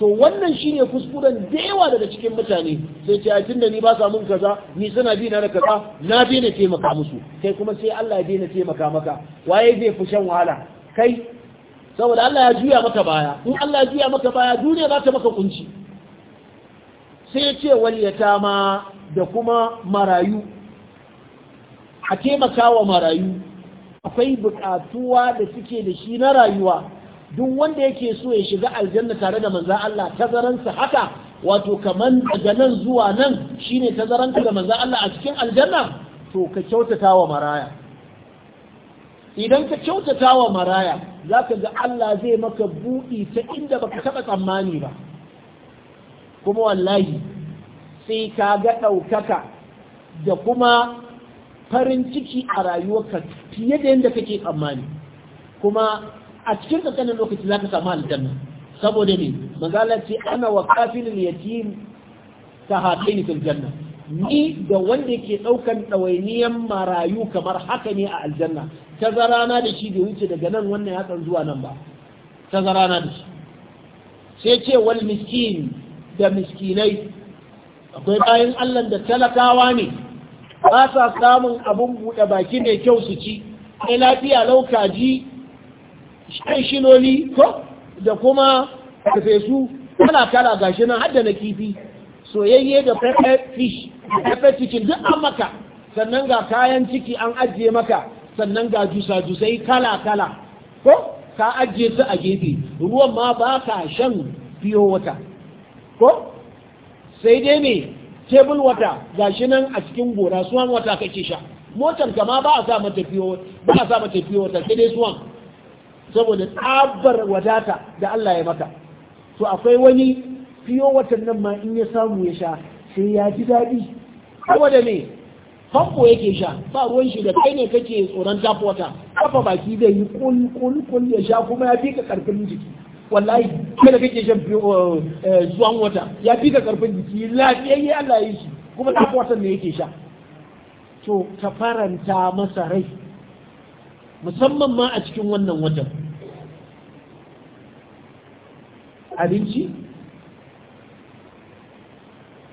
to wannan shine kuskuren da yawa daga cikin mutane sai ce da da ni ba sa mun kaza ni suna bi na da kaza na daina taimaka musu kai kuma sai Allah ya daina taimaka maka waye zai fi shan wahala kai saboda Allah ya juya maka baya in Allah ya juya maka baya duniya za ta maka kunci sai ya ce wal yatama da kuma marayu a taimaka wa marayu akwai bukatuwa da suke da shi na rayuwa duk wanda yake so ya shiga aljanna tare da manzan Allah tazaransa haka wato kaman daga nan zuwa nan shine tazaranka da manzan Allah a cikin aljanna to ka kyautata wa maraya idan ka kyautata wa maraya za ka ga Allah zai maka buɗi ta inda baka taɓa tsammani ba kuma wallahi sai ka ga ɗaukaka da kuma farin ciki a rayuwarka fiye da yadda kake tsammani kuma a cikin tsakanin lokaci za ka samu aljanna saboda ne manzala ana wa kafilin yatim ta haɗe ni janna ni da wanda ke ɗaukan ɗawainiyan marayu kamar haka ne a aljanna tazara na da shi bai wuce daga nan wannan yatsan zuwa nan ba tazara na da shi sai ce wal miskin da miskinai akwai bayan Allah da talakawa ne ba sa samun abin buɗe baki mai kyau su ci sai lafiya lau kaji shanshiloli ko da kuma farfesu kala-kala gashi nan hadda na kifi soyayye da pepper fish pepper chicken duk an maka sannan ga kayan ciki an ajiye maka sannan ga jusa-jusai kala-kala ko ka ajiye su a gefe ruwan ma ba ka shan fiyo wata ko sai dai ne table wata gashi nan a cikin gora suwan wata kake sha motar ka ma ba a sa mata fiyo wata sai dai suwan saboda tsabar wadata da Allah ya maka to akwai wani fiyo watan nan ma in ya samu ya sha sai ya ji daɗi saboda ne famfo yake sha ba ruwan shi da kai ne kake tsoron tap water kafa baki zai yi kul ya sha kuma ya fika karfin jiki wallahi kada kake shan eh, eh, zuwan wata ya fika karfin jiki lafiyayye Allah ya yi shi kuma tap water ne yake sha to ta faranta masa rai musamman ma a cikin wannan watan abinci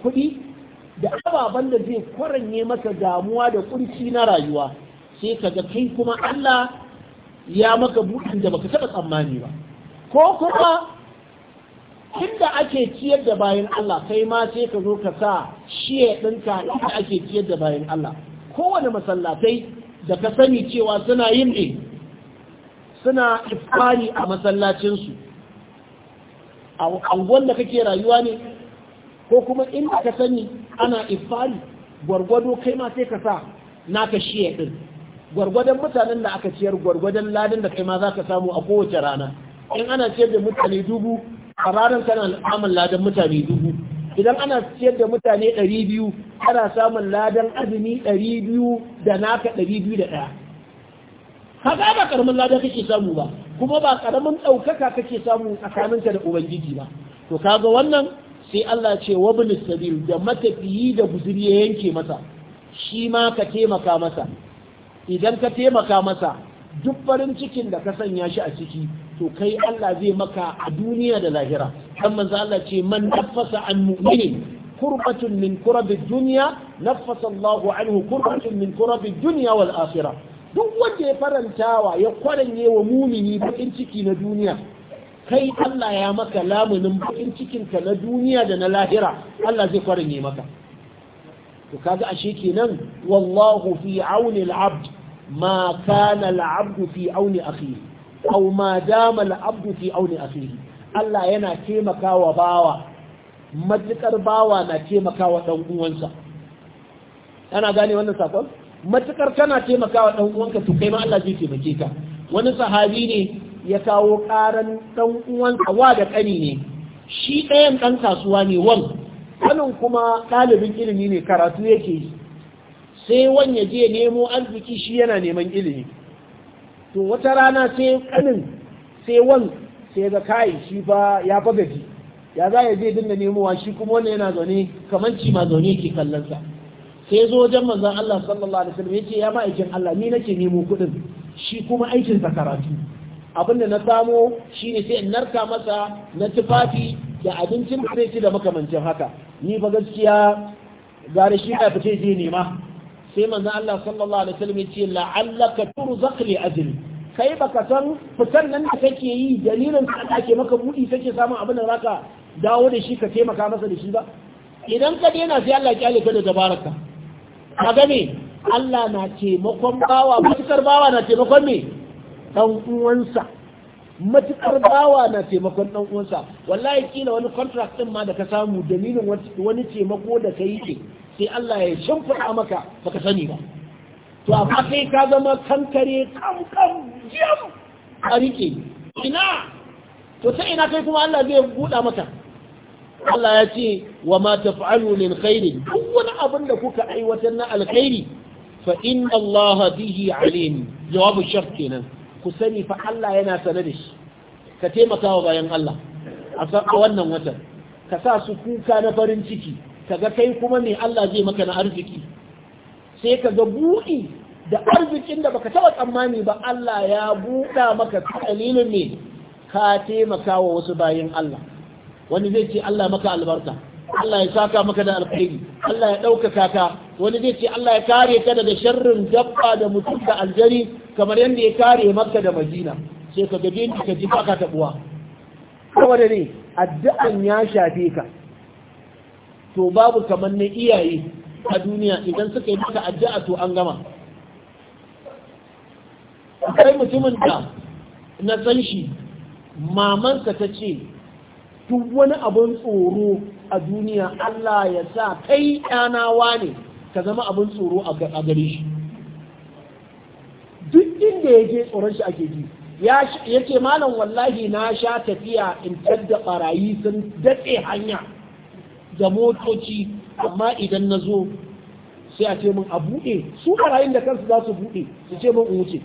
kuɗi da ababen da zai kwaranye maka damuwa da ƙunci na rayuwa sai ka ga kai kuma Allah ya maka buɗin da baka taɓa tsammani ba ko kuma inda ake ciyar da bayan Allah kai ma sai ka zo ka sa shiye ɗinka inda ake ciyar da bayan Allah kowane masallatai da ka sani cewa suna yin ne suna ifari a masallacinsu a wakangon da kake rayuwa ne ko kuma inda ka sani ana ifari gwargwado kai ma sai ka sa naka shiya ɗin gwargwadon mutanen da aka ciyar gwargwadon ladin da kai ma za ka samu a kowace rana in ana ciyar da mutane dubu a ranar kana al'amun ladan mutane dubu idan ana ciyar da mutane 200 ana samun ladan azumi 200 da naka 201 haka ba karamin ladan kake samu ba kuma ba karamin ɗaukaka kake samu tsakaninka da ubangiji ba to kaga wannan sai Allah ce wa bin sabil da matafiyi da guzuri ya yanke masa shi ma ka taimaka masa idan ka taimaka masa duk farin cikin da ka sanya shi a ciki to kai Allah zai maka a duniya da lahira dan manzo Allah ce man nafasa an mu'mini kurbatun min kurabi duniya, nafasa Allah anhu kurbatun min kurabi duniya wal akhirah duk wanda ya farantawa ya kwaranye wa mumini bakin ciki na duniya kai Allah ya maka lamunin bakin cikinka na duniya da na lahira Allah zai kwaranye maka to kaga ashe kenan wallahu fi auni al-abd ma kana al-abd fi auni akhihi aw ma dama al-abd fi auni akhihi Allah yana taimakawa bawa matukar bawa na taimakawa dan uwansa ana gane wannan sakon matukar kana taimakawa dan uwanka to kai ma Allah zai taimake ka wani sahabi ne ya kawo karan dan uwansa wa da kani ne shi ɗayan ɗan kasuwa ne wan wannan kuma ɗalibin ilimi ne karatu yake yi sai wani ya je nemo arziki shi yana neman ilimi to wata rana sai kanin sai wan sai ga kai shi fa ya fa gaji ya za ya je dinga nemowa shi kuma wannan yana zaune kamar ci ma zaune ke kallon sa sai zo wajen manzon Allah sallallahu alaihi wasallam yace ya ma'aikin Allah ni nake nemo kuɗin shi kuma aikin sa karatu abinda na samo shine sai in narka masa na tufafi da abincin da zai ci da makamancin haka ni fa gaskiya gare shi ya fice je nema sai manzon Allah sallallahu alaihi wasallam yace la'allaka turzaq li kai baka san fitar nan da kake yi dalilin da kake maka budi kake samun abin da zaka dawo da shi ka taimaka masa da shi ba idan ka daina sai Allah ya kyale ka da tabaraka kaga me Allah na taimakon bawa matukar bawa na taimakon me dan uwansa matukar bawa na taimakon dan uwansa wallahi kila wani contract din ma da ka samu dalilin wani taimako da kai ce sai Allah ya shimfiɗa maka baka sani ba to amma kai ka zama kankare kankan jiyam a riƙe. ina to sai ina kai kuma Allah zai buɗa maka Allah ya ce wa mata taf'alu min duk wani abin da kuka aiwatar na alkhairi fa in Allah bihi alim jawabu Shaf kenan ku sani fa Allah yana sane da shi ka taimaka wa bayan Allah a wannan watan ka sa su kuka na farin ciki Ka ga kai kuma me Allah zai maka na arziki sai kaga buɗi da arzikin da baka taba tsammani ba Allah ya buɗa maka dalilin ne ka taimaka wa wasu bayin Allah wani zai ce Allah maka albarka Allah ya saka maka da alkhairi Allah ya ɗaukaka ka wani zai ce Allah ya kare ka daga sharrin dabba da mutum da aljari kamar yadda ya kare maka da Majina? sai ka gaje ka ji baka tabuwa saboda ne addu'an ya shafe ka to babu kamar na iyaye a duniya idan suka yi maka addu'a to an gama kai mutumin da na san shi mamansa ta ce duk wani abin tsoro a duniya Allah ya sa kai ɗanawa ne ka zama abin tsoro a gare shi duk inda ya je tsoron shi ake ji ya ce malam wallahi na sha tafiya in tadda barayi sun datse hanya da motoci amma idan na zo sai a ce min a buɗe su barayin da kansu za su buɗe su ce min in wuce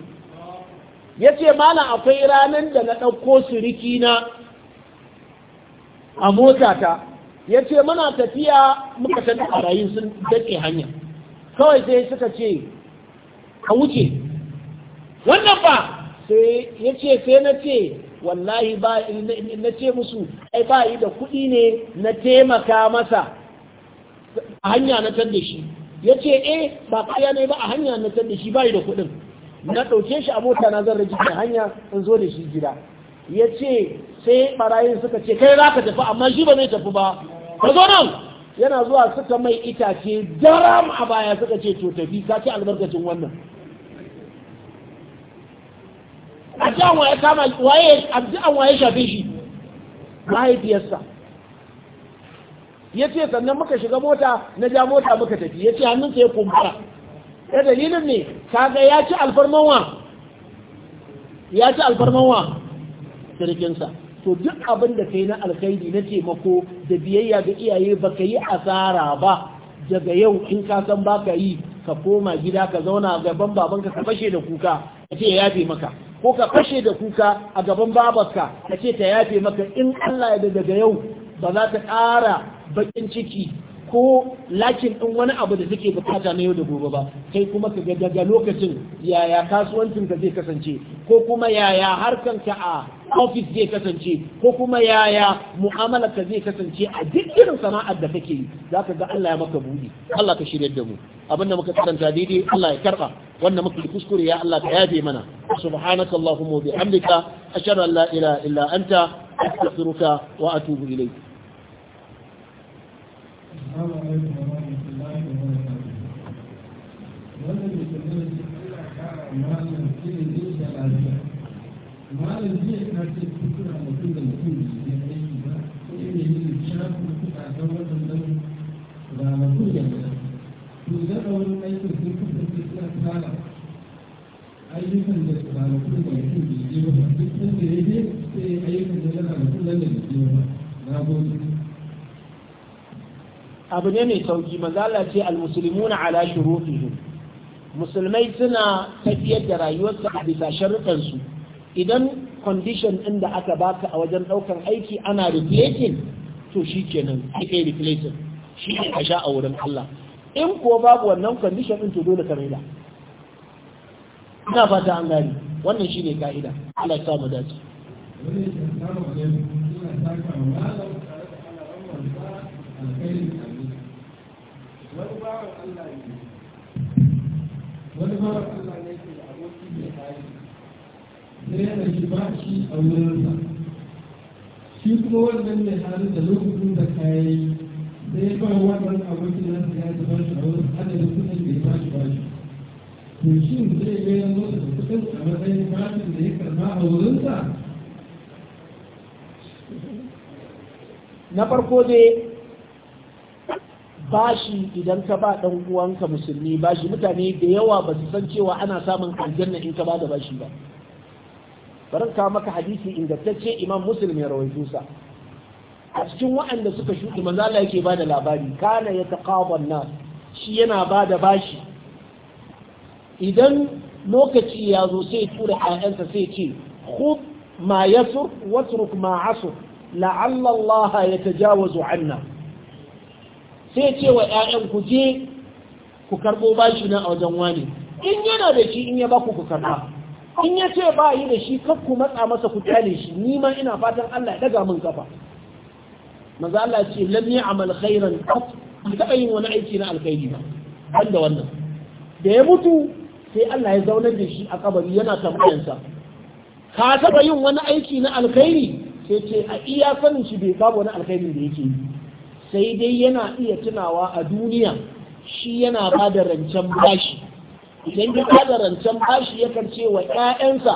ya ce mana akwai ranar da na ɗauko siriki na a motata ya ce muna tafiya muka san ɓarayin sun daƙe hanya kawai sai suka ce a wuce wannan ba sai ya ce sai na ce wallahi ba na ce musu ai ba yi da kuɗi ne na taimaka masa a hanya na can da shi ya ce eh ba kaya ne ba a hanya na can da shi ba yi da kuɗin na ɗauke shi a mota na zan rage hanya in zo da shi gida ya ce sai ɓarayin suka ce kai za ka tafi amma shi ba mai tafi ba ka zo nan yana zuwa suka mai itace daram a baya suka ce to tafi ka ci albarkacin wannan a ji an waye kama waye an waye shafe shi mahaifiyarsa ya ce sannan muka shiga mota na ja mota muka tafi ya ce hannunsa ya kumbura ya dalilin ne kaga ya ci alfarman ya ci sirkinsa to duk abin da kai na alkaidi na taimako da biyayya ga iyaye ba ka yi asara ba daga yau in ka san ka yi ka koma gida ka zauna a gaban babanka ka fashe da kuka ka ce ya yafe maka ko ka fashe da kuka a gaban babarka ka ce ta yafe maka in Allah ya daga yau ba za ta ƙara bakin ciki ko lakin ɗin wani abu da suke bukata na yau da gobe ba kai kuma ka ga lokacin yaya kasuwancin ka zai kasance ko kuma yaya harkan ka a ofis zai kasance ko kuma yaya mu'amala ka zai kasance a duk irin sana'ar da kake yi zaka ga Allah ya maka buɗi Allah ka shirya da mu abin da muka karanta daidai Allah ya karba wanda muka yi kuskure ya Allah ka yabe mana subhanaka allahumma wa bihamdika ashhadu an la ilaha illa anta astaghfiruka wa atubu ilayk السلام عليكم ورحمة الله وبركاته. Wannan da ke nuna cikin kara malam ilin Malam jiya ta ce mutum da mutum da ya aiki ba, ko ina yin shafi kuɗaɗen waɗannan ranakun yamma. To zaɓa wani aikin sun kasance suna tara ayyukan da ranakun da mutum da ya ba, duk wanda ya je sai ayyukan da ranakun da ya ba. Na gode. abu ne mai sauki manzala ce almusulmuna ala shurutihim musulmai suna tafiyar da rayuwarsu a bisa sharuɗansu idan condition ɗin da aka baka a wajen ɗaukar aiki ana replacing to shi kenan sai kai replacing shi ne ka sha a wurin Allah in ko babu wannan condition ɗin to dole ka maida? ina fata an gani wannan shi ne ka'ida Allah ya mu dace Thank you. wani bawan da aboki shi ba shi a wurinsa shi kuma wannan mai da lokacin da kayi sai ba wannan ya ba shi a wurin adadin da ya ba shi ba shi to shi zai gaya da a matsayin da ya karba a wurinsa na farko dai bashi idan ka ba dan uwanka musulmi bashi mutane da yawa ba su san cewa ana samun aljanna in ka ba da bashi ba bari ka maka hadisi ingantacce imam muslim ya rawaito sa a cikin waɗanda suka shuɗi manzo Allah yake bada labari kana ya taqaban nas shi yana bada bashi idan lokaci ya zo sai tura ayyansa sai ce khud ma yasur watruk ma asur la'alla Allah yatajawazu anna sai ce wa ‘ya'yan ku je ku karɓo bashi na a wajen wani in yana da shi in ya ba ku ku karɓa in ya ce ba yi da shi kar ku matsa masa ku tale shi nima ina fatan Allah ya daga min kafa maza Allah ce lam khairan taɓa yin wani aiki na alkhairi ba da wannan da ya mutu sai Allah ya zaunar da shi a kabari yana tambayansa ka taɓa yin wani aiki na alkhairi sai ce a iya sanin shi bai babu wani alkhairin da yake yi sai dai yana iya tunawa a duniya shi yana ba da rancen bashi idan ya ba da rancen bashi yakan ce wa 'ya'yansa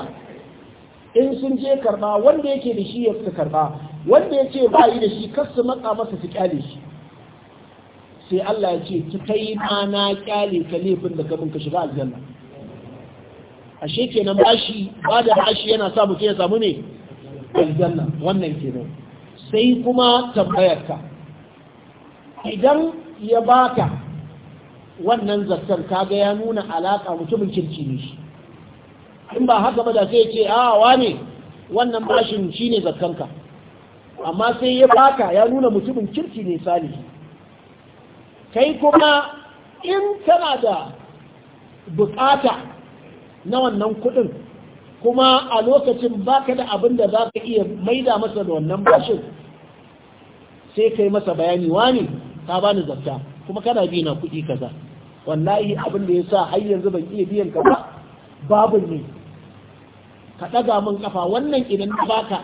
in sun je karba wanda yake da shi ya su karba wanda ya ce ba yi da shi kar su matsa masa su kyale shi sai Allah ya ce ta kai ma na kyale ka laifin da kamun ka shiga aljanna ashe kenan bashi ba da bashi yana sa mutum ya samu ne aljanna wannan kenan sai kuma tambayar ka idan ya baka wannan zakkar ga ya nuna alaka mutumin kirki ne shi in ba haka ba da sai ce a wane wannan bashin shine zakkanka amma sai ya baka ya nuna mutumin kirki ne salihi kai kuma in kana da bukata na wannan kudin kuma a lokacin baka da abin da za ka iya maida masa da wannan bashin sai kai masa bayani wani ka ni zarta kuma kana bi na kuɗi kaza wallahi abin da ya sa har yanzu ban iya biyan ka ba babu ne ka ɗaga min kafa wannan idan na baka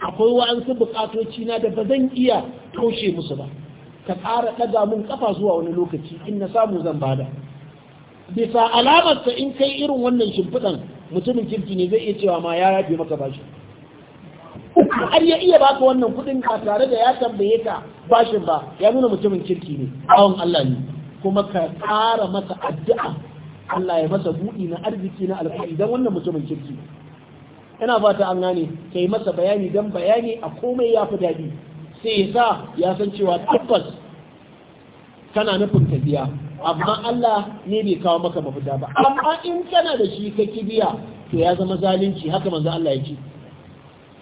akwai wa'ansu buƙatoci na da ba zan iya toshe musu ba ka ƙara ɗaga min kafa zuwa wani lokaci in na samu zan bada bisa alamarsa in kai irin wannan shimfiɗan mutumin kirki ne zai iya cewa ma ya yafe maka bashi har ya iya baka wannan kuɗin ba tare da ya tambaye ka bashin ba ya nuna mutumin kirki ne awon Allah ne kuma ka ƙara masa addu'a Allah ya masa buɗi na arziki na alkhairi dan wannan mutumin kirki ina fata an gane kai masa bayani dan bayani a komai ya fi daɗi sai ya sa ya san cewa tabbas kana nufin ka biya amma Allah ne bai kawo maka mafita ba amma in kana da shi ka kibiya to ya zama zalunci haka manzo Allah ya ce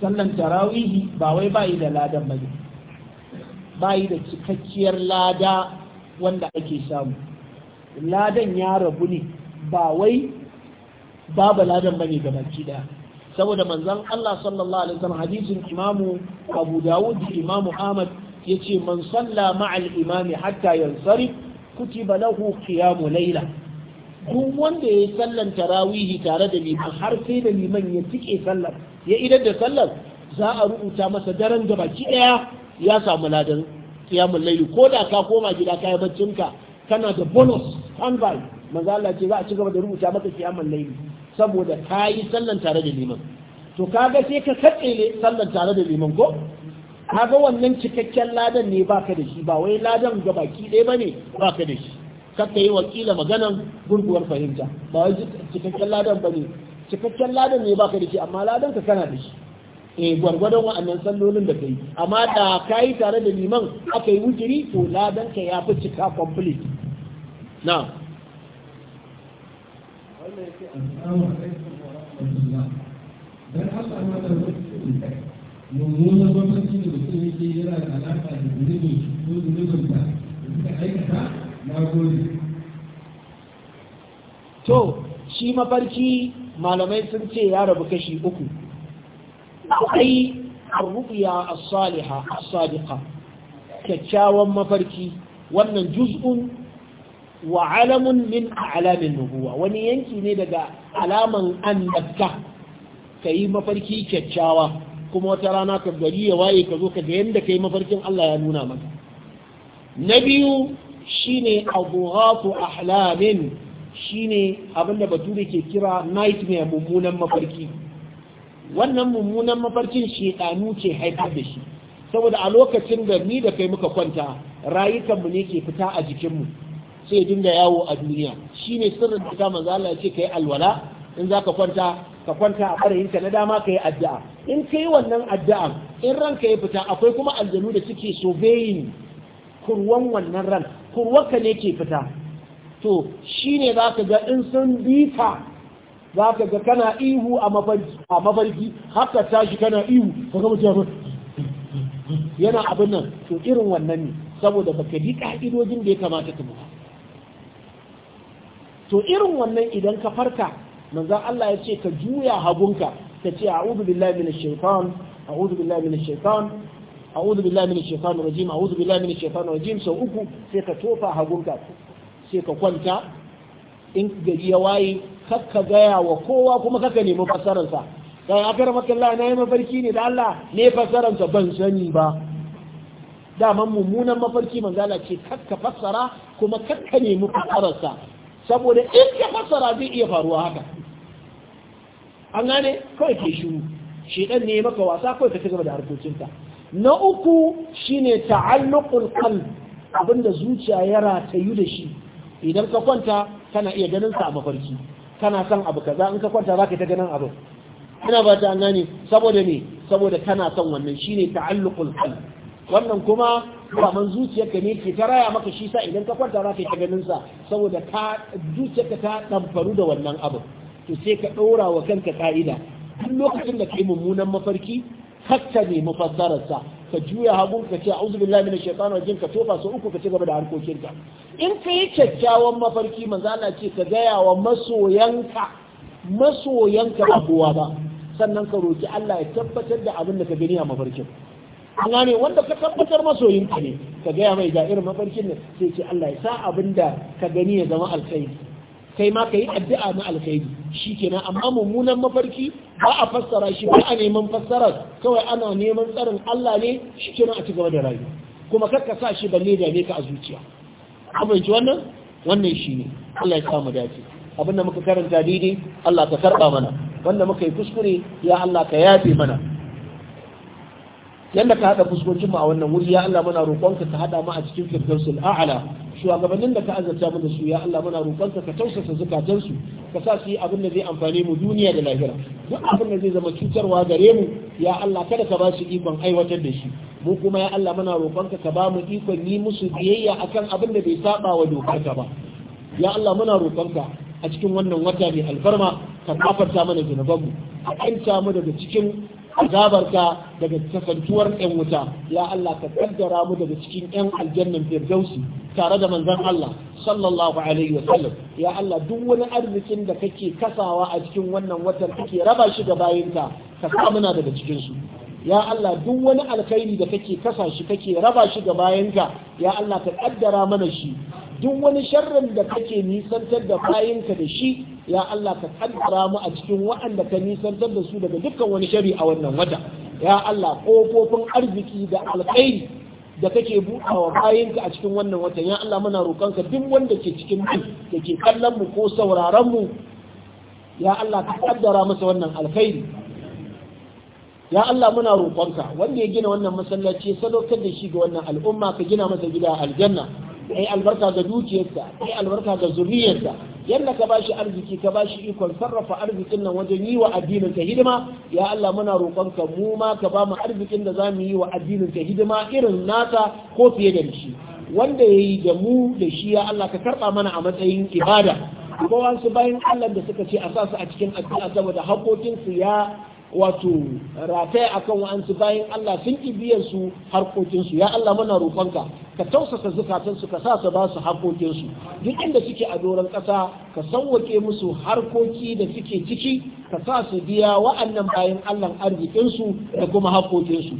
sallan tarawihi ba wai bayi da ladan bane bayi da cikakkiyar lada wanda ake samu ladan ya rabu ne ba wai babu ladan bane ga baki daya saboda manzon Allah sallallahu alaihi wasallam hadisin imamu Abu Dawud imamu Ahmad yace man salla ma'al imami hatta yansari kutiba lahu qiyamu layla duk wanda ya yi sallan tarawihi tare da liman har sai da liman ya tike sallar ya idan da sallar za a rubuta masa daren da baki daya ya samu ladan kiyamul laili ko da ka koma gida ka yi ka kana da bonus standby manzo Allah ce za a ci gaba da rubuta maka kiyamul laili saboda ka yi sallan tare da liman to kaga sai ka katse sallan tare da liman ko kaga wannan cikakken ladan ne baka da shi ba wai ladan ga baki ɗaya bane baka da shi kakka yi wakila maganan gurguwar fahimta ba wai cikakken ladan ba ne cikakken ladan ne baka da shi amma ladan ka kana da shi eh gwargwadon wa'annan sallolin da kai amma da kayi tare da liman aka yi wujiri to ladan ka ya fi cika complete na dan Allah ma da mummunan gwamnati da mutum yake yana da alaƙa da zunubin ko su da suka aikata to shi mafarki malamai sun ce ya rabu kashi uku akwai arrubiya a saliha a sadiqa kyakkyawan mafarki wannan juz'un wa alamun min a'lamin nubuwa wani yanki ne daga alaman an ka yi mafarki kyakkyawa kuma wata rana ka gari ya waye ka zo ka ga yadda ka yi mafarkin Allah ya nuna maka na biyu shine abughatu ahlamin shine abinda bature ke kira nightmare mummunan mafarki wannan mummunan mafarkin shekanu ce haifar da shi saboda a lokacin da ni da kai muka kwanta rayukanmu ne ke fita a jikinmu sai dinga yawo a duniya Shi ne sirrin da ta manzo ce ka yi alwala in ka kwanta ka kwanta a ta na dama ka yi addu'a in ka yi wannan addu'a in ranka ya fita akwai kuma aljanu da suke surveying kurwan wannan ran kurwaka ne ke fita to shi ne za ka ga in sun bi ka za ka ga kana ihu a mafarki haka tashi kana ihu ka gama mutum yana abin nan to irin wannan ne saboda baka bi ka'idojin da ya kamata ka mutu to irin wannan idan ka farka manzan Allah ya ce ka juya hagunka ka ce na billahi minash shaitan a'udhu billahi minash shaitan a'udhu billahi minash shaitanir rajim a'udhu billahi minash shaitanir rajim sau uku sai ka tofa hagunka sai ka kwanta in gari ya waye kakka gaya wa kowa kuma kakka nemi fassararsa kai akar makalla na yi mafarki ne da Allah ne fassararsa ban sani ba daman mummunan mafarki manzala ce kakka fassara kuma kakka nemi fassararsa saboda in ka fassara zai iya faruwa haka an gane kawai ke shiru shi ɗan ne maka wasa kawai ka ci gaba da harkokinka na uku shine ta'alluqul qalb abinda zuciya yara ta ratayu da shi idan ka kwanta kana iya ganin sa a mafarki kana son abu kaza in ka kwanta zaka ta ganin abu ina ba ta gane saboda ne saboda kana son wannan shine ta'alluqul qalb wannan kuma kaman zuciyarka ne ke ta raya maka shi sa idan ka kwanta zaka ta ganin sa saboda ka zuciyarka ta damfaru da wannan abu to sai ka ɗora wa kanka ka'ida duk lokacin da kai mummunan mafarki kakka ne mufassarar ka juya hagun ka ce a'udhu billahi minash shaitani rajim ka tofa sau uku ka ci gaba da harkokin ka in ka yi kyakkyawan mafarki manzo Allah ce ka gaya wa masoyanka masoyanka ba ba sannan ka roki Allah ya tabbatar da abin da ka gani a mafarkin an gane wanda ka tabbatar masoyinka ne ka gaya mai ga irin mafarkin ne sai ce Allah ya sa abin da ka gani ya zama alkhairi kai ma ka yi addu'a na alkhairi shi kenan amma mummunan mafarki ba a fassara shi ba a neman fassara kawai ana neman tsarin Allah ne shi kenan a ci gaba da rayuwa kuma kar ka sa shi balle da ne ka a zuciya abinci wannan wannan shi ne Allah ya samu dace da muka karanta daidai Allah ka karɓa mana wanda muka yi kuskure ya Allah ka yafe mana yadda ka haɗa fuskokin mu a wannan wuri ya Allah muna roƙonka ka haɗa mu a cikin firdausul a'la shugabannin da ka azurta mu da su ya Allah muna roƙonka ka tausasa zukatan su ka sa su yi abin da zai amfane mu duniya da lahira duk abin da zai zama cutarwa gare mu ya Allah kada ka ba su ikon aiwatar da shi mu kuma ya Allah muna roƙonka ka ba mu ikon yi musu biyayya akan abin da bai saba wa ka ba ya Allah muna roƙonka a cikin wannan wata mai alfarma ka kafarta mana zunubanmu a kanta mu daga cikin azabarka daga kasantuwar ‘yan wuta, ya Allah ka kaddara mu daga cikin ‘yan aljannan firdausi tare da manzan Allah, sallallahu Alaihi sallam, ya Allah duk wani arzikin da kake kasawa a cikin wannan watan kake raba shi ga bayinka, ka samuna daga cikinsu. Ya Allah duk wani alkhairi da kake kasa shi kake raba shi ga bayinka, ya Allah ka kaddara mana shi, duk wani sharrin da kake nisantar da bayinka da shi ya Allah ka kaddara mu a cikin waɗanda ka nisantar da su daga dukkan wani shari a wannan wata ya Allah kofofin arziki da alkhairi da kake buɗawa bayinka a cikin wannan wata ya Allah muna roƙonka duk wanda ke cikin mu da ke kallon mu ko sauraron mu ya Allah ka kaddara masa wannan alkhairi ya Allah muna roƙonka wanda ya gina wannan masallaci sadaukar da shi ga wannan al'umma ka gina masa gida aljanna yi albarka ga dukiyarsa yi albarka ga zuriyarsa yadda ka bashi arziki ka bashi ikon sarrafa arzikin nan wajen yi wa addinin ka hidima ya Allah muna roƙon ka mu ma ka ba mu arzikin da zamu yi wa addinin ka hidima irin nasa ko fiye da shi wanda yayi da mu da shi ya Allah ka karba mana a matsayin ibada ko wasu bayan Allah da suka ce a sa su a cikin addu'a saboda haƙoƙinsu ya wato a kan wa'ansu bayan Allah sun biyan su harkokinsu ya Allah mana roƙonka ka tausasa zukatansu ka sa su ba su harkokinsu duk inda suke a doron ƙasa ka sauwake musu harkoki da suke ciki ka sa su biya wa'annan bayan Allah arzikinsu da kuma harkokinsu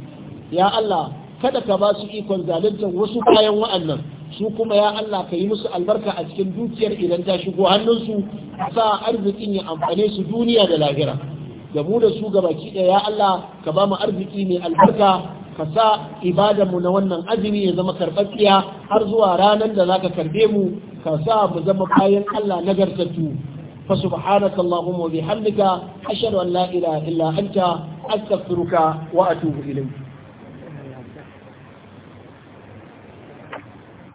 ya Allah kada ka ba su ikon zaluntar wasu bayan wa'annan su kuma ya Allah ka yi musu albarka a cikin dukiyar idan ta shigo hannunsu sa arzikin ya amfane su duniya da lahira da mu da su gabaki ɗaya ya Allah ka ba mu arziki mai albarka ka sa mu na wannan azumi ya zama karɓaɓɓiya har zuwa ranar da zaka karɓe mu ka sa mu zama bayan Allah nagartattu fa subhanaka allahumma wa bihamdika ashhadu an la ilaha illa anta astaghfiruka wa atubu ilayk